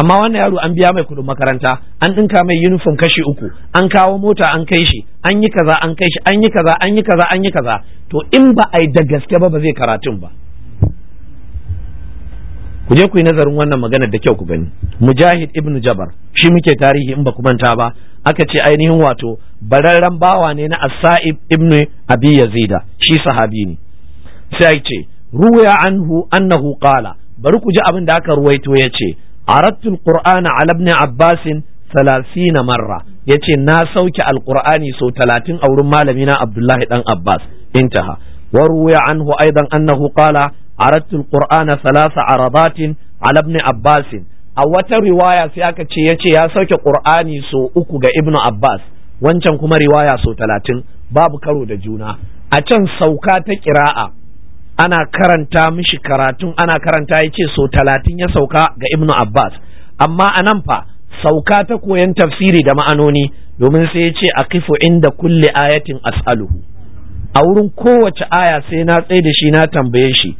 [SPEAKER 1] amma wannan yaro an biya mai kuɗin makaranta an ɗinka mai yunifom kashi uku an kawo mota an kai shi an yi kaza an kai shi an yi kaza an yi kaza an yi kaza to in ba a yi da gaske ba ba zai karatun ba ku je ku yi nazarin wannan maganar da kyau ku gani mujahid ibn jabar shi muke tarihi in ba ku manta ba aka ce ainihin wato bararren bawa ne na asa'ib Ibnu abi yazida shi sahabi ne sai ce ruya anhu annahu qala bari ku ji abin da aka ruwaito yace ce arattul qur'ana ala ibn abbas salasina marra yace na sauke alqur'ani sau talatin a wurin malami na abdullahi dan abbas intaha wa ruwaya anhu aidan annahu qala arattul qur'ana salasa aradat ala ibn abbasin a wata riwaya sai aka ce yace ya sauke qur'ani sau uku ga ibnu abbas wancan kuma riwaya sau talatin babu karo da juna a can sauka ta kiraa. ana karanta mishi karatun ana karanta ya ce so talatin ya sauka ga ibnu abbas amma a nan fa sauka ta koyan tafsiri da ma'anoni domin sai ya ce a kifu inda kulle ayatin as'aluhu a wurin kowace aya sai na tsaye da shi na tambaye shi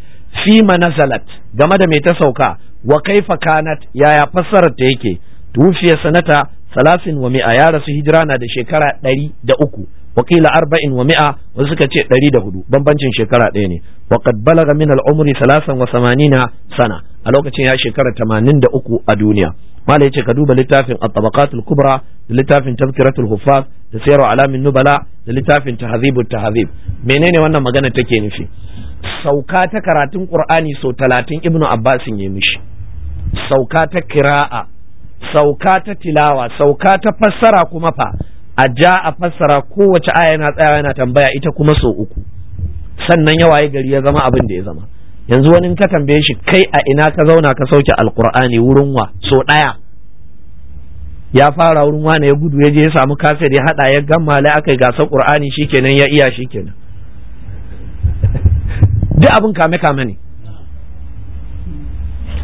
[SPEAKER 1] fi Zalat game da mai ta sauka wa kaifa kanat yaya fassarar ta yake tufiya sanata salasin wa mi'a ya rasu hijira na da shekara ɗari da uku wakila arba'in wa mi'a wasu suka ce ɗari da hudu bambancin shekara ɗaya ne wa qad balaga umri salasan wa samanina sana a lokacin ya shekara tamanin da uku a duniya mala yace ka duba littafin at kubra da littafin tazkiratul huffaz da sayru alamin nubala da littafin tahdhibut tahdhib menene wannan magana take nufi sauka ta karatun qur'ani sau talatin ibnu abbasin ya mishi sauka ta kira'a sauka ta tilawa sauka ta fassara kuma fa a ja a fassara kowace aya yana tsayawa yana tambaya ita kuma sau uku sannan ya gari ya zama abin da ya zama yanzu wani ka tambaye shi kai a ina ka zauna ka sauke alkur'ani wurin wa so ɗaya ya fara wurin wa ne ya gudu ya je ya samu kaset ya haɗa ya gama lai aka gasar qur'ani shikenan ya iya shikenan duk abin kame kame ne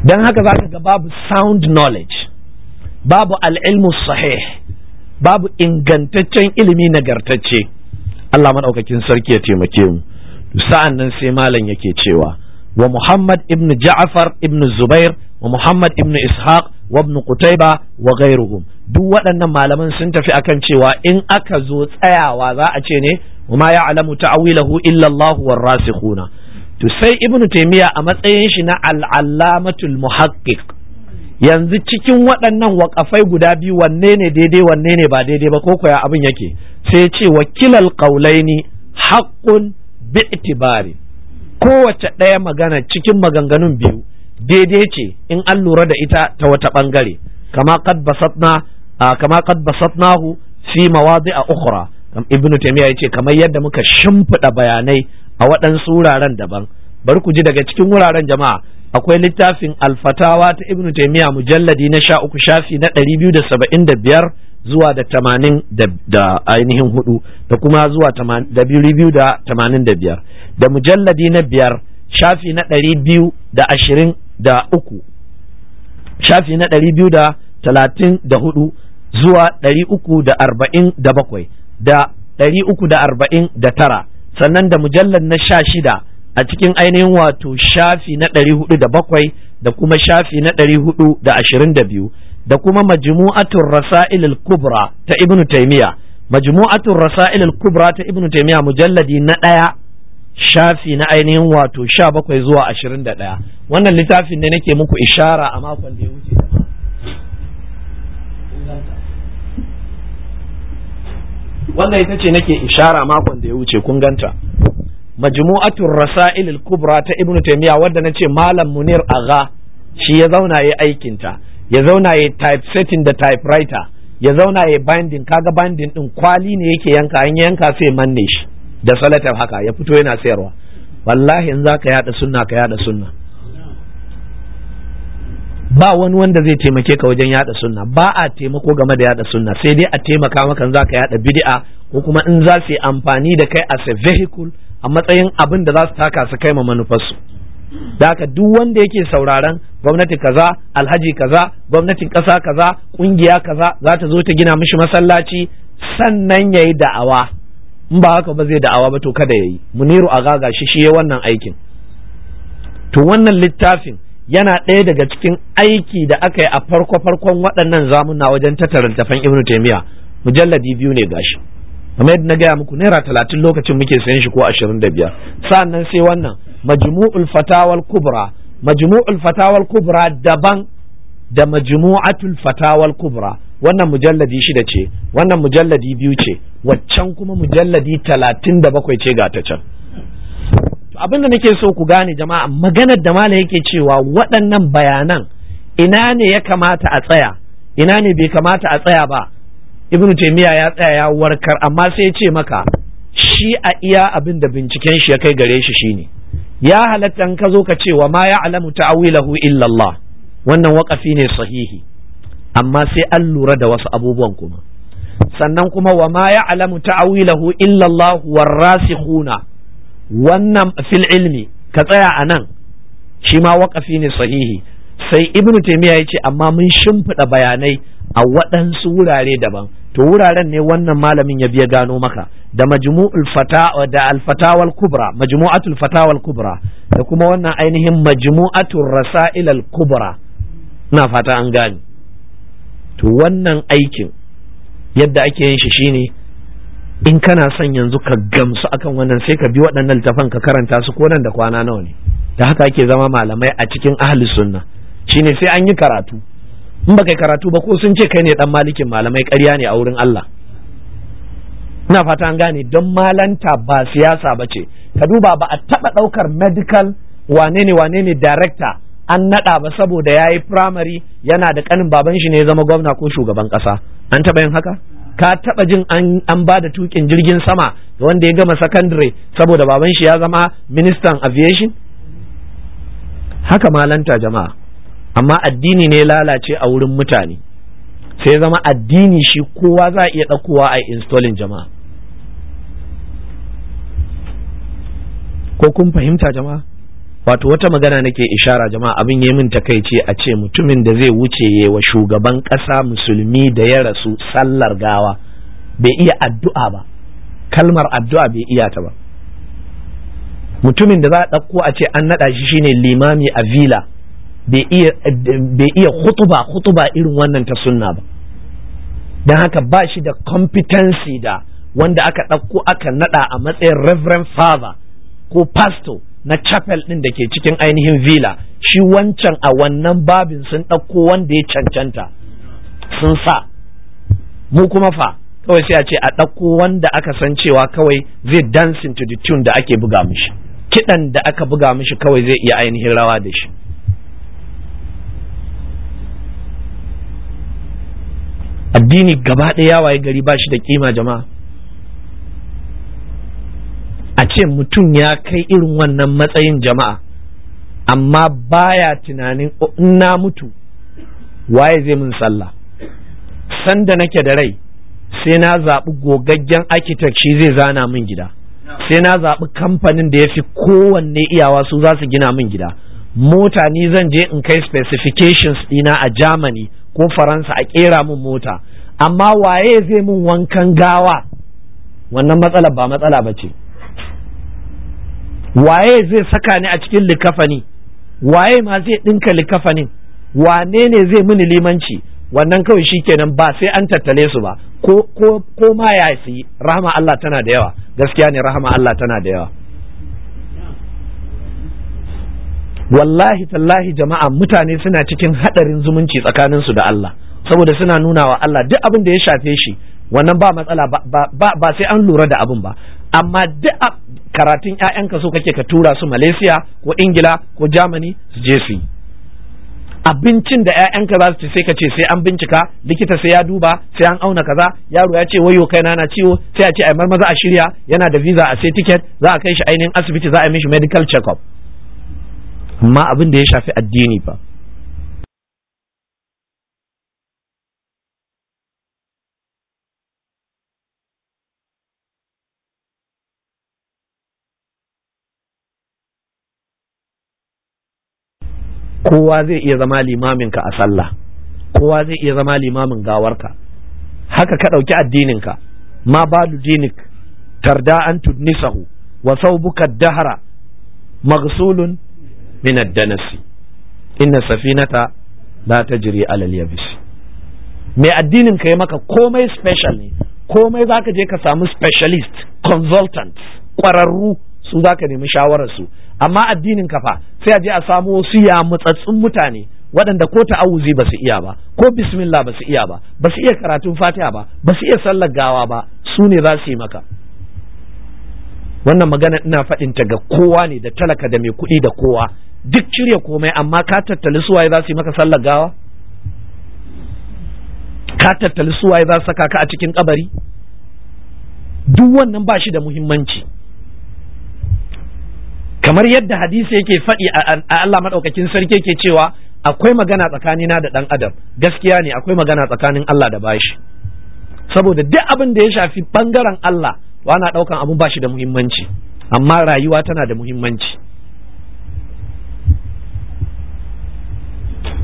[SPEAKER 1] dan haka zaka ga babu sound knowledge babu al-ilmu sahih babu ingantaccen ilimi nagartacce Allah maɗaukakin sarki ya taimake mu sa'an nan sai malam yake cewa wa Muhammad ibn Ja'far ibn Zubair wa Muhammad ibn Ishaq wa ibn Qutayba wa ghairuhum duk waɗannan malaman sun tafi akan cewa in aka zo tsayawa za a ce ne ma ya'lamu ta'wilahu illa Allah war rasikhuna to sai ibn Taymiya a matsayin shi na al-allamatul muhaqqiq yanzu cikin waɗannan waƙafai guda biyu wanne ne daidai wanne ne ba daidai ba ko ya abin yake sai ce wakilal qaulaini haqqun bi itibari kowace ɗaya magana cikin maganganun biyu daidai ce in an lura da ita ta wata ɓangare kama kad basatna kama qad basatnahu fi mawadi'a ukhra ibn taymiya yace kamar yadda muka shimfiɗa bayanai a waɗansu wuraren daban bari ku ji daga cikin wuraren jama'a akwai littafin alfatawa ta ibnu taimiyya mujalladi na sha uku shafi na ɗari biyu da saba'in da biyar zuwa da tamanin da ainihin hudu da kuma zuwa da biyu da tamanin da biyar da mujalladi na biyar shafi na ɗari biyu da ashirin da uku shafi na ɗari biyu da talatin da hudu zuwa ɗari uku da arba'in da bakwai da ɗari uku da arba'in da tara sannan da mujallar na sha shida a cikin ainihin wato shafi na ɗari hudu da bakwai da kuma shafi na ɗari hudu da ashirin da biyu da kuma majmu'atul rasailul kubra ta ibnu taymiya majmu'atul rasailul kubra ta ibnu taymiya mujalladi na ɗaya shafi na ainihin wato sha bakwai zuwa ashirin da ɗaya wannan littafin ne nake muku ishara a makon da ya wuce wannan ita ce nake ishara makon da ya wuce kun ganta majmu'atul rasail al-kubra ta ibnu taymiya wadda nace malam munir aga shi ya zauna yayi aikin ta ya zauna yayi setting da typewriter ya zauna yayi binding kaga binding din kwali ne yake yanka an yanka sai manne shi da salatar haka ya fito yana sayarwa wallahi in zaka yada sunna ka yada sunna ba wani wanda zai taimake ka wajen yada sunna ba a taimako game da yada sunna sai dai a taimaka maka in zaka yada bid'a ko kuma in za su yi amfani da kai as a vehicle a matsayin abin da za su taka su kai ma manufarsu da haka duk wanda yake sauraron gwamnati kaza alhaji kaza gwamnatin ƙasa kaza ƙungiya kaza za ta zo ta gina mishi masallaci sannan ya yi da'awa in ba haka ba zai da'awa ba to kada ya yi muniru a gaga shi shi ya wannan aikin to wannan littafin yana ɗaya daga cikin aiki da aka yi a farko farkon waɗannan zamuna wajen tattara littafan ibnu taimiya mujalladi biyu ne gashi kamar yadda na gaya muku naira talatin lokacin muke sayan shi ko ashirin da biyar Sa'an nan sai wannan majmu'ul fatawal kubra majmu'ul fatawal kubra daban da majmu'atul fatawal kubra wannan mujalladi shida ce wannan mujalladi biyu ce waccan kuma mujalladi talatin da bakwai ce ga ta can abin da nake so ku gane jama'a maganar da malam yake cewa waɗannan bayanan ina ne ya kamata a tsaya ina ne bai kamata a tsaya ba ibnu taymiya ya tsaya ya warkar amma sai ya ce maka shi a iya abin da binciken shi ya kai gare shi shine ya halatta in ka zo ka ce wa ma alamu ta'wilahu illa Allah wannan waƙafi ne sahihi amma sai an lura da wasu abubuwan kuma sannan kuma wa ma alamu ta'wilahu illa Allah rasikhuna wannan fil ilmi ka tsaya a nan shi ma waƙafi ne sahihi sai ibnu taymiya ya ce amma mun shimfiɗa bayanai a waɗansu wurare daban to wuraren ne wannan malamin ya biya gano maka da majmu'ul fatawa da al kubra majmu'atul fatawal kubra da kuma wannan ainihin majmu'atul rasail al-kubra na fata an gane to wannan aikin yadda ake yin shi shine in kana son yanzu ka gamsu akan wannan sai ka bi waɗannan littafan ka karanta su ko nan da kwana nawa ne da haka ake zama malamai a cikin ahli sunna shine sai an yi karatu in baka karatu ba ko sun ce kai ne dan malikin malamai ƙarya ne a wurin Allah ina fata an gane don malanta ba siyasa ba ce ka duba ba a taɓa ɗaukar medical wane ne wane ne director an naɗa ba saboda ya yi primary yana da ƙanin baban shi ne zama gwamna ko shugaban ƙasa an taɓa yin haka ka taɓa jin an ba da tukin jirgin sama da wanda ya gama secondary saboda baban shi ya zama ministan aviation haka malanta jama'a amma addini ne lalace a wurin mutane sai zama addini shi kowa za a iya ɗaukowa a installin jama'a ko kun fahimta jama'a wato wata magana nake ishara jama'a abin yi min takaici a ce mutumin da zai wuce wa shugaban ƙasa musulmi da ya rasu sallar gawa bai iya addu'a ba kalmar addu'a bai iya ta ba mutumin da za a ɗauko a ce an naɗa shi shine limami a vila bai iya hutuba hutuba irin wannan ta sunna ba don haka ba shi da competency da wanda aka ɗauko aka naɗa a matsayin reverend father ko pastor na chapel ɗin da ke cikin ainihin villa shi wancan a wannan babin sun ɗauko wanda ya cancanta sun sa mu kuma fa kawai sai a ce a ɗauko wanda aka san cewa kawai zai dancing to the tune da ake buga mishi kiɗan da aka buga mishi kawai zai iya ainihin rawa da shi addini gaba ɗaya waye gari ba shi da kima jama'a a ce mutum ya kai irin wannan matsayin jama'a amma baya tunanin in na mutu waye zai mun sallah sanda nake da rai sai na zaɓi gogaggen architect shi zai zana min gida sai na zaɓi kamfanin da ya fi kowanne iyawa su za su gina min gida mota ni zan je in kai specifications ɗina a Germany ko faransa a kera mun mota amma waye zai mun wankan gawa wannan matsala ba matsala ba ce waye zai saka ni a cikin likafani waye ma zai ɗinka likafanin wane ne zai mini limanci wannan kawai shi kenan ba sai an tattale su ba ko ma ya yi rahama Allah tana da yawa gaskiya ne rahama Allah tana da yawa wallahi tallahi jama'a mutane suna cikin hadarin zumunci tsakanin su da Allah saboda suna nuna wa Allah duk abin da ya shafe shi wannan ba matsala ba sai an lura da abin ba amma duk karatun ƴaƴanka so kake ka tura su Malaysia ko Ingila ko Germany su je su abincin da ƴaƴanka za su ci sai ka ce sai an bincika likita sai ya duba sai an auna kaza yaro ya ce wayo kai na ciwo sai a ce ai maza a shirya yana da visa a sai ticket za a kai shi ainihin asibiti za a yi mishi medical check up Ma abin da ya shafi addini ba kowa zai iya zama limaminka a sallah kowa zai iya zama limamin gawarka haka ka ɗauki addininka ma balu dinik tarda an tudnisahu wa saubuka dahara maghsulun min ad-danasi inna safinata la jiri alal yabis mai addinin ka yi maka komai special ne komai zaka je ka samu specialist consultant kwararru su zaka nemi shawarar su amma addinin ka fa sai a je a samu wasu ya mutsatsun mutane waɗanda ko ta'awuzi ba su iya ba ko bismillah ba su iya ba ba su iya karatun fatiha ba ba su iya sallar gawa ba su ne za su yi maka wannan magana ina faɗin ta ga kowa ne da talaka da mai kuɗi da kowa duk cire komai amma ka tattali suwaye za su yi maka sallar gawa ka tattali suwaye za su saka ka a cikin kabari duk wannan ba shi da muhimmanci kamar yadda hadisi yake faɗi a Allah maɗaukakin sarki yake cewa akwai magana tsakanina da ɗan adam gaskiya ne akwai magana tsakanin Allah da bashi saboda duk abin da ya shafi ɓangaren Allah wana ana ɗaukan abun bashi da muhimmanci amma rayuwa tana da muhimmanci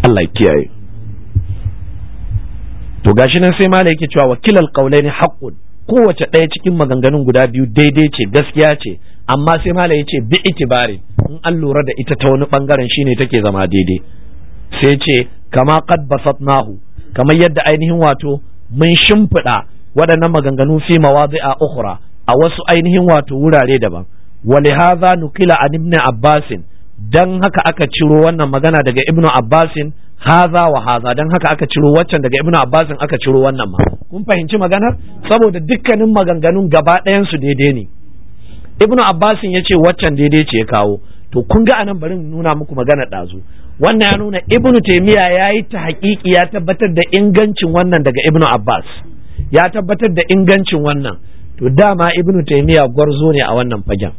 [SPEAKER 1] Allah kiyaye to gashi nan sai malai yake cewa wakilal ne haqqun kowace ɗaya cikin maganganun guda biyu daidai ce gaskiya ce amma sai malai yace bi itibari in an lura da ita ta wani bangaren shine take zama daidai sai ce kama qad basatnahu kamar yadda ainihin wato mun shimfiɗa waɗannan maganganu fi mawazi'a ukhra a wasu ainihin wato wurare daban walihaza nukila an ibn abbasin dan haka aka ciro wannan magana daga ibn abbasin haza wa haza dan haka aka ciro waccan daga ibn abbasin aka ciro wannan ma kun fahimci maganar saboda dukkanin maganganun gaba ɗayan su daidai ne ibn abbasin ya ce waccan daidai ce ya kawo to kun ga anan bari nuna muku magana ɗazu wannan ya nuna ibn taimiya yayi ta hakiki ya tabbatar da ingancin wannan daga ibn abbas ya tabbatar da ingancin wannan to dama ibnu taymiya gwarzo ne a wannan fagen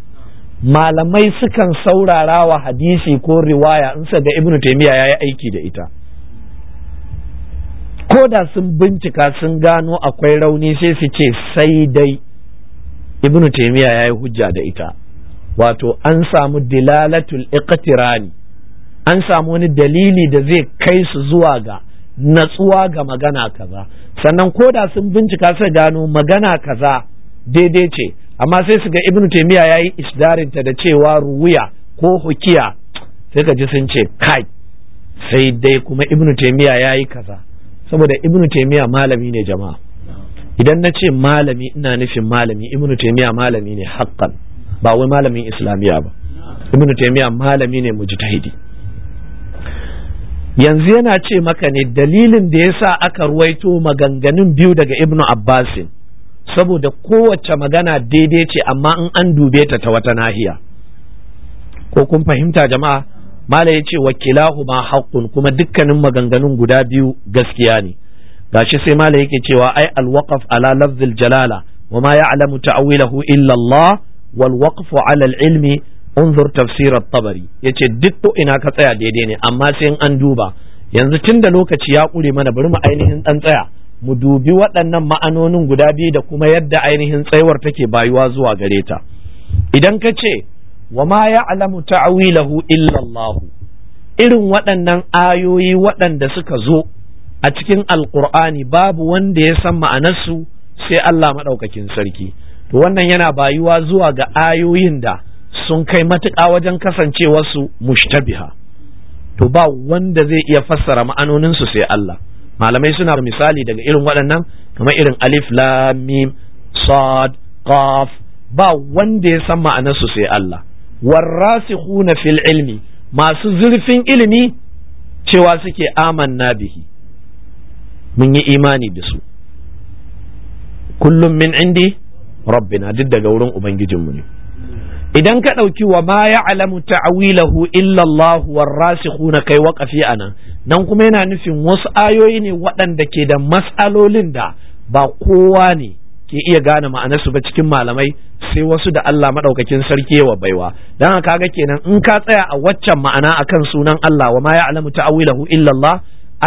[SPEAKER 1] malamai sukan saurara wa hadisi ko riwaya in ga ibnu taymiya yi aiki da ita ko da sun bincika sun gano akwai rauni sai su ce sai dai ibnu ya yi hujja da ita wato an samu dilalatul iqtirani an samu wani dalili da zai kai su zuwa ga natsuwa ga magana kaza sannan ko da sun bincika su gano magana kaza daidai ce amma sai su ga ibnu ya yi isdarinta da cewa ruwiya ko hukiya sai ka ji sun ce kai sai dai kuma ibnu ya yi kaza saboda ibnu taimiyya malami ne jama'a idan na ce malami ina nufin malami ibnu taimiyya malami ne haƙƙan, ba wai malamin islamiyya ba ibnu taimiyya malami ne mujtahidi yanzu yana ce maka ne dalilin da yasa aka ruwaito maganganun biyu daga ibnu abbasin saboda kowace magana daidai ce amma in an dube ta ta wata nahiya ko kun fahimta jama'a mala ya ce wakilahu ma haƙƙun kuma dukkanin maganganun guda biyu gaskiya ne gashi sai mala yake cewa ai alwaqaf ala lafzil jalala wa ma ya'lamu ta'wilahu illa Allah wal waqfu ala al-ilmi unzur tafsir at-tabari yace duk ina ka tsaya daidai ne amma sai in an duba yanzu tunda lokaci ya kure mana bari mu ainihin dan tsaya mu dubi waɗannan ma'anonin guda biyu da kuma yadda ainihin tsaiwar take bayuwa zuwa gare ta idan ka ce wa ma ya'lamu ta'wilahu ta'awilahu irin waɗannan ayoyi waɗanda suka zo a cikin alqur'ani babu wanda ya san ma'anarsu sai Allah maɗaukakin sarki to wannan yana bayuwa zuwa ga ayoyin da sun kai matuƙa wajen kasancewarsu mushtabiha to ba wanda zai iya fassara ma'anoninsu sai Allah malamai suna misali daga irin waɗannan kamar irin alif lam mim sad qaf ba wanda ya san ma'anar su sai Allah warasikhuna fil ilmi masu zurfin ilimi cewa suke amanna bihi mun yi imani da su kullum min indi rabbina duk daga wurin ubangijinmu ne idan ka ɗauki wa ma ya alamu ta'awilahu illallahu na kai waƙafi anan, nan kuma yana nufin wasu ayoyi ne waɗanda ke da matsalolin da ba kowa ne ke iya gane ma'anarsu ba cikin malamai sai wasu da Allah maɗaukakin sarki wa baiwa dan haka kaga kenan in ka tsaya a waccan ma'ana akan sunan Allah wa ma ya alamu ta'awilahu illallah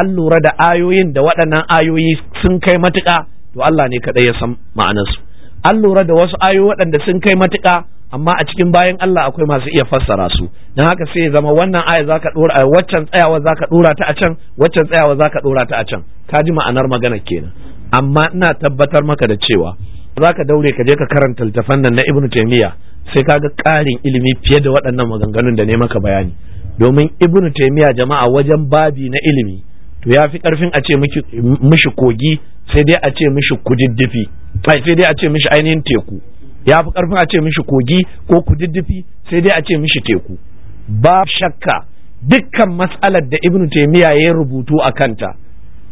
[SPEAKER 1] an lura da ayoyin da waɗannan ayoyi sun kai matuƙa to Allah ne kaɗai ya san ma'anarsu an lura da wasu ayoyi waɗanda sun kai matuƙa amma a cikin bayan Allah akwai masu iya fassara su don haka sai ya zama wannan aya ka dora waccan tsayawa zaka dora ta a can waccan tsayawa zaka dora ta a can ka ji ma'anar magana kenan amma ina tabbatar maka da cewa za ka daure ka je ka karanta littafan nan na Ibn Taymiyyah sai ka ga karin ilimi fiye da waɗannan maganganun da ne maka bayani domin Ibn Taymiyyah jama'a wajen babi na ilimi to ya fi ƙarfin a ce mishi kogi sai dai a ce mishi kududdufi sai dai a ce mishi ainihin teku ya fi karfin a ce mishi kogi ko kududdufi sai dai a ce mishi teku ba shakka dukkan matsalar da ibnu taimiyya ya rubutu a kanta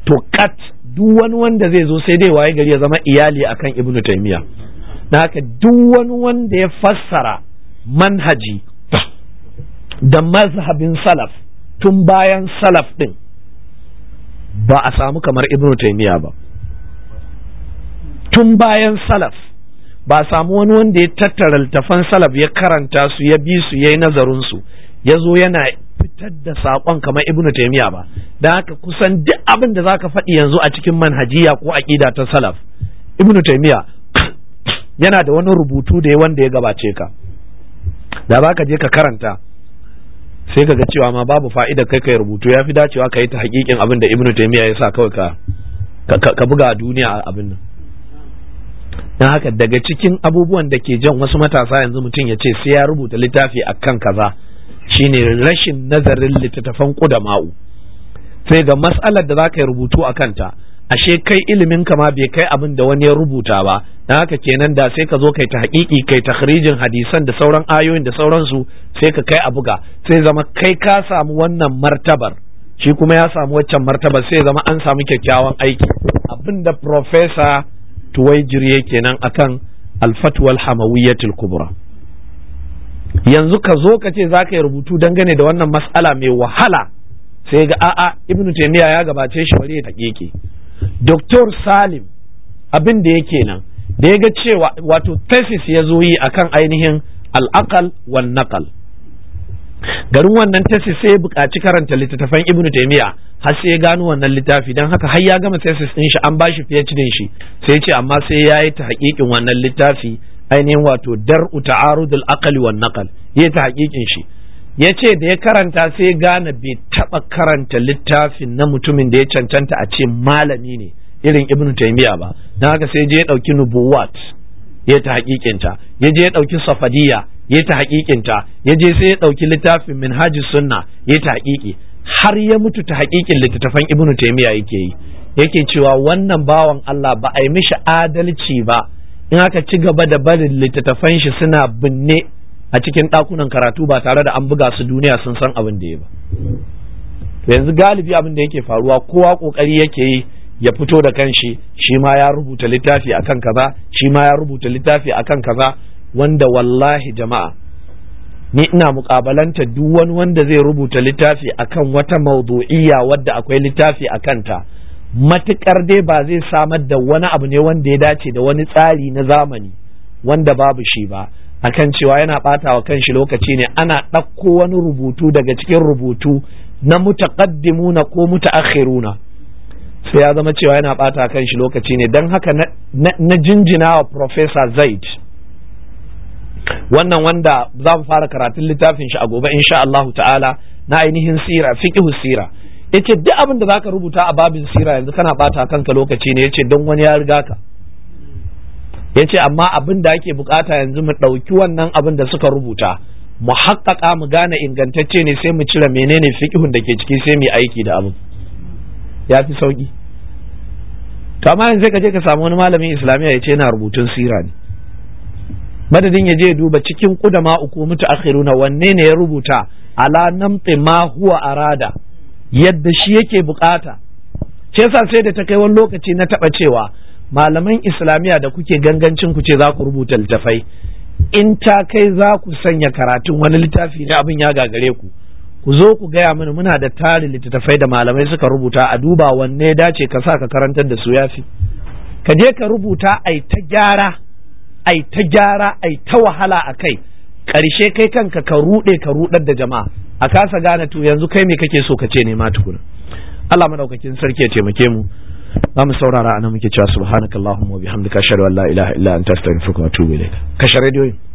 [SPEAKER 1] to kat duk wani wanda zai zo sai dai waye gari ya zama iyali akan ibnu taimiyya na haka duk wani wanda ya fassara manhaji da mazhabin salaf tun bayan salaf din ba a samu kamar ibnu taimiyya ba tun bayan salaf ba samu wani wanda ya tattara littafan salaf ya karanta su ya bi su ya yi nazarin su ya zo yana fitar da saƙon kamar ibnu taimiya ba da haka kusan duk abin da zaka faɗi yanzu a cikin manhajiya ko aƙida ta salaf ibnu taimiya yana da wani rubutu da ya wanda ya gabace ka da ba ka je ka karanta sai ka ga cewa ma babu fa'ida kai kai rubutu ya fi dacewa ka yi ta hakikin abin da ibnu taimiya ya sa kawai ka buga duniya abin nan Na haka daga cikin abubuwan da ke jan wasu matasa yanzu mutum ya ce sai ya rubuta littafi a kan kaza shine rashin nazarin littattafan ƙudama'u sai ga matsalar da za ka yi rubutu a kanta ashe kai ilimin kama bai kai abin da wani ya rubuta ba Na haka kenan da sai ka zo kai ta haƙiƙi kai takhrijin hadisan da sauran ayoyin da sauransu sai ka kai a buga sai zama kai ka samu wannan martabar shi kuma ya samu waccan martabar sai zama an samu kyakkyawan aiki abin da profesa jirye kenan akan alfatwal hamawiyyatul kubra yanzu ka zo ka ce za ka yi rubutu dangane da wannan mas'ala mai wahala sai ga a'a ibnu taymiya ya gabace shi bari ya hakiki Dr. salim abin da yake nan da ya ga cewa wato thesis ya zo yi akan ainihin al-aqal wal naqal garin wannan tesis sai ya buƙaci karanta littattafan ibnu taimiya har sai ya gano wannan littafi don haka har ya gama tesis ɗin shi an bashi fiye phd shi sai ce amma sai ya yi ta haƙiƙin wannan littafi ainihin wato dar ta'arudul aqali wan naqal ya ta haƙiƙin shi ya ce da ya karanta sai gane bai taɓa karanta littafin na mutumin da ya cancanta a ce malami ne irin ibnu taimiya ba don haka sai je ya ɗauki nubuwat ya ta haƙiƙinta ya je ya ɗauki safadiya ya ta haƙiƙinta ya je sai ya ɗauki littafin minhaji sunna ya ta hakiki. har ya mutu ta haƙiƙin littattafan ibnu taimiya yake yi yake cewa wannan bawan Allah ba a yi mishi adalci ba in aka ci gaba da barin littattafan shi suna binne a cikin ɗakunan karatu ba tare da an buga su duniya sun san abin da ya ba yanzu galibi abin da yake faruwa kowa ƙoƙari yake yi ya fito da kanshi shi ma ya rubuta littafi akan kaza shi ma ya rubuta littafi akan kaza wanda wallahi jama'a ni ina mukabalanta duk wani wanda zai rubuta littafi akan wata maudu'iyya wadda akwai littafi a kanta matukar dai ba zai samar da wani abu ne wanda ya dace da wani tsari na zamani wanda babu shi ba akan cewa yana ɓata wa kanshi lokaci ne ana ɗauko wani rubutu daga cikin rubutu na mutaqaddimuna ko mutaakhiruna sai ya zama cewa yana ɓata kanshi lokaci ne dan haka na jinjina wa professor zaid wannan wanda za mu fara karatun littafin shi a gobe in sha Allahu ta'ala na ainihin sira fiqhu sira yace duk abin da zaka rubuta a babin sira yanzu kana bata kanka lokaci ne yace don wani ya riga ka yace amma abin da ake bukata yanzu mu dauki wannan abin da suka rubuta mu haƙƙaƙa mu gane ingantacce ne sai mu cire menene fiqhun da ke ciki sai mu aiki da abin ya fi sauki to yanzu ka je ka samu wani malamin islamiyya yace yana rubutun sira ne madadin ya je duba cikin kudama uku mutu akhiruna wanne ne ya rubuta ala namti ma huwa arada yadda shi yake bukata ce sa sai da ta kai wani lokaci na taba cewa malaman islamiyya da kuke gangancin ku ce za ku rubuta littafai in ta kai za ku sanya karatun wani littafi ne abin ya gagare ku ku zo ku gaya mana muna da tarin littattafai da malamai suka rubuta a duba wanne dace ka sa ka karantar da su yafi ka je ka rubuta ai ta gyara ai ta gyara ai ta wahala a kai ƙarshe kai kanka ka ruɗe ka ruɗar da jama'a a kasa gane tu yanzu kai me kake so ka ce ne ma tukuna Allah madaukakin sarki ya taimake mu za mu saurara nan muke cewa subhanakallahumma wa bihamdika ashhadu an la ilaha illa anta astaghfiruka wa atubu ilaik radio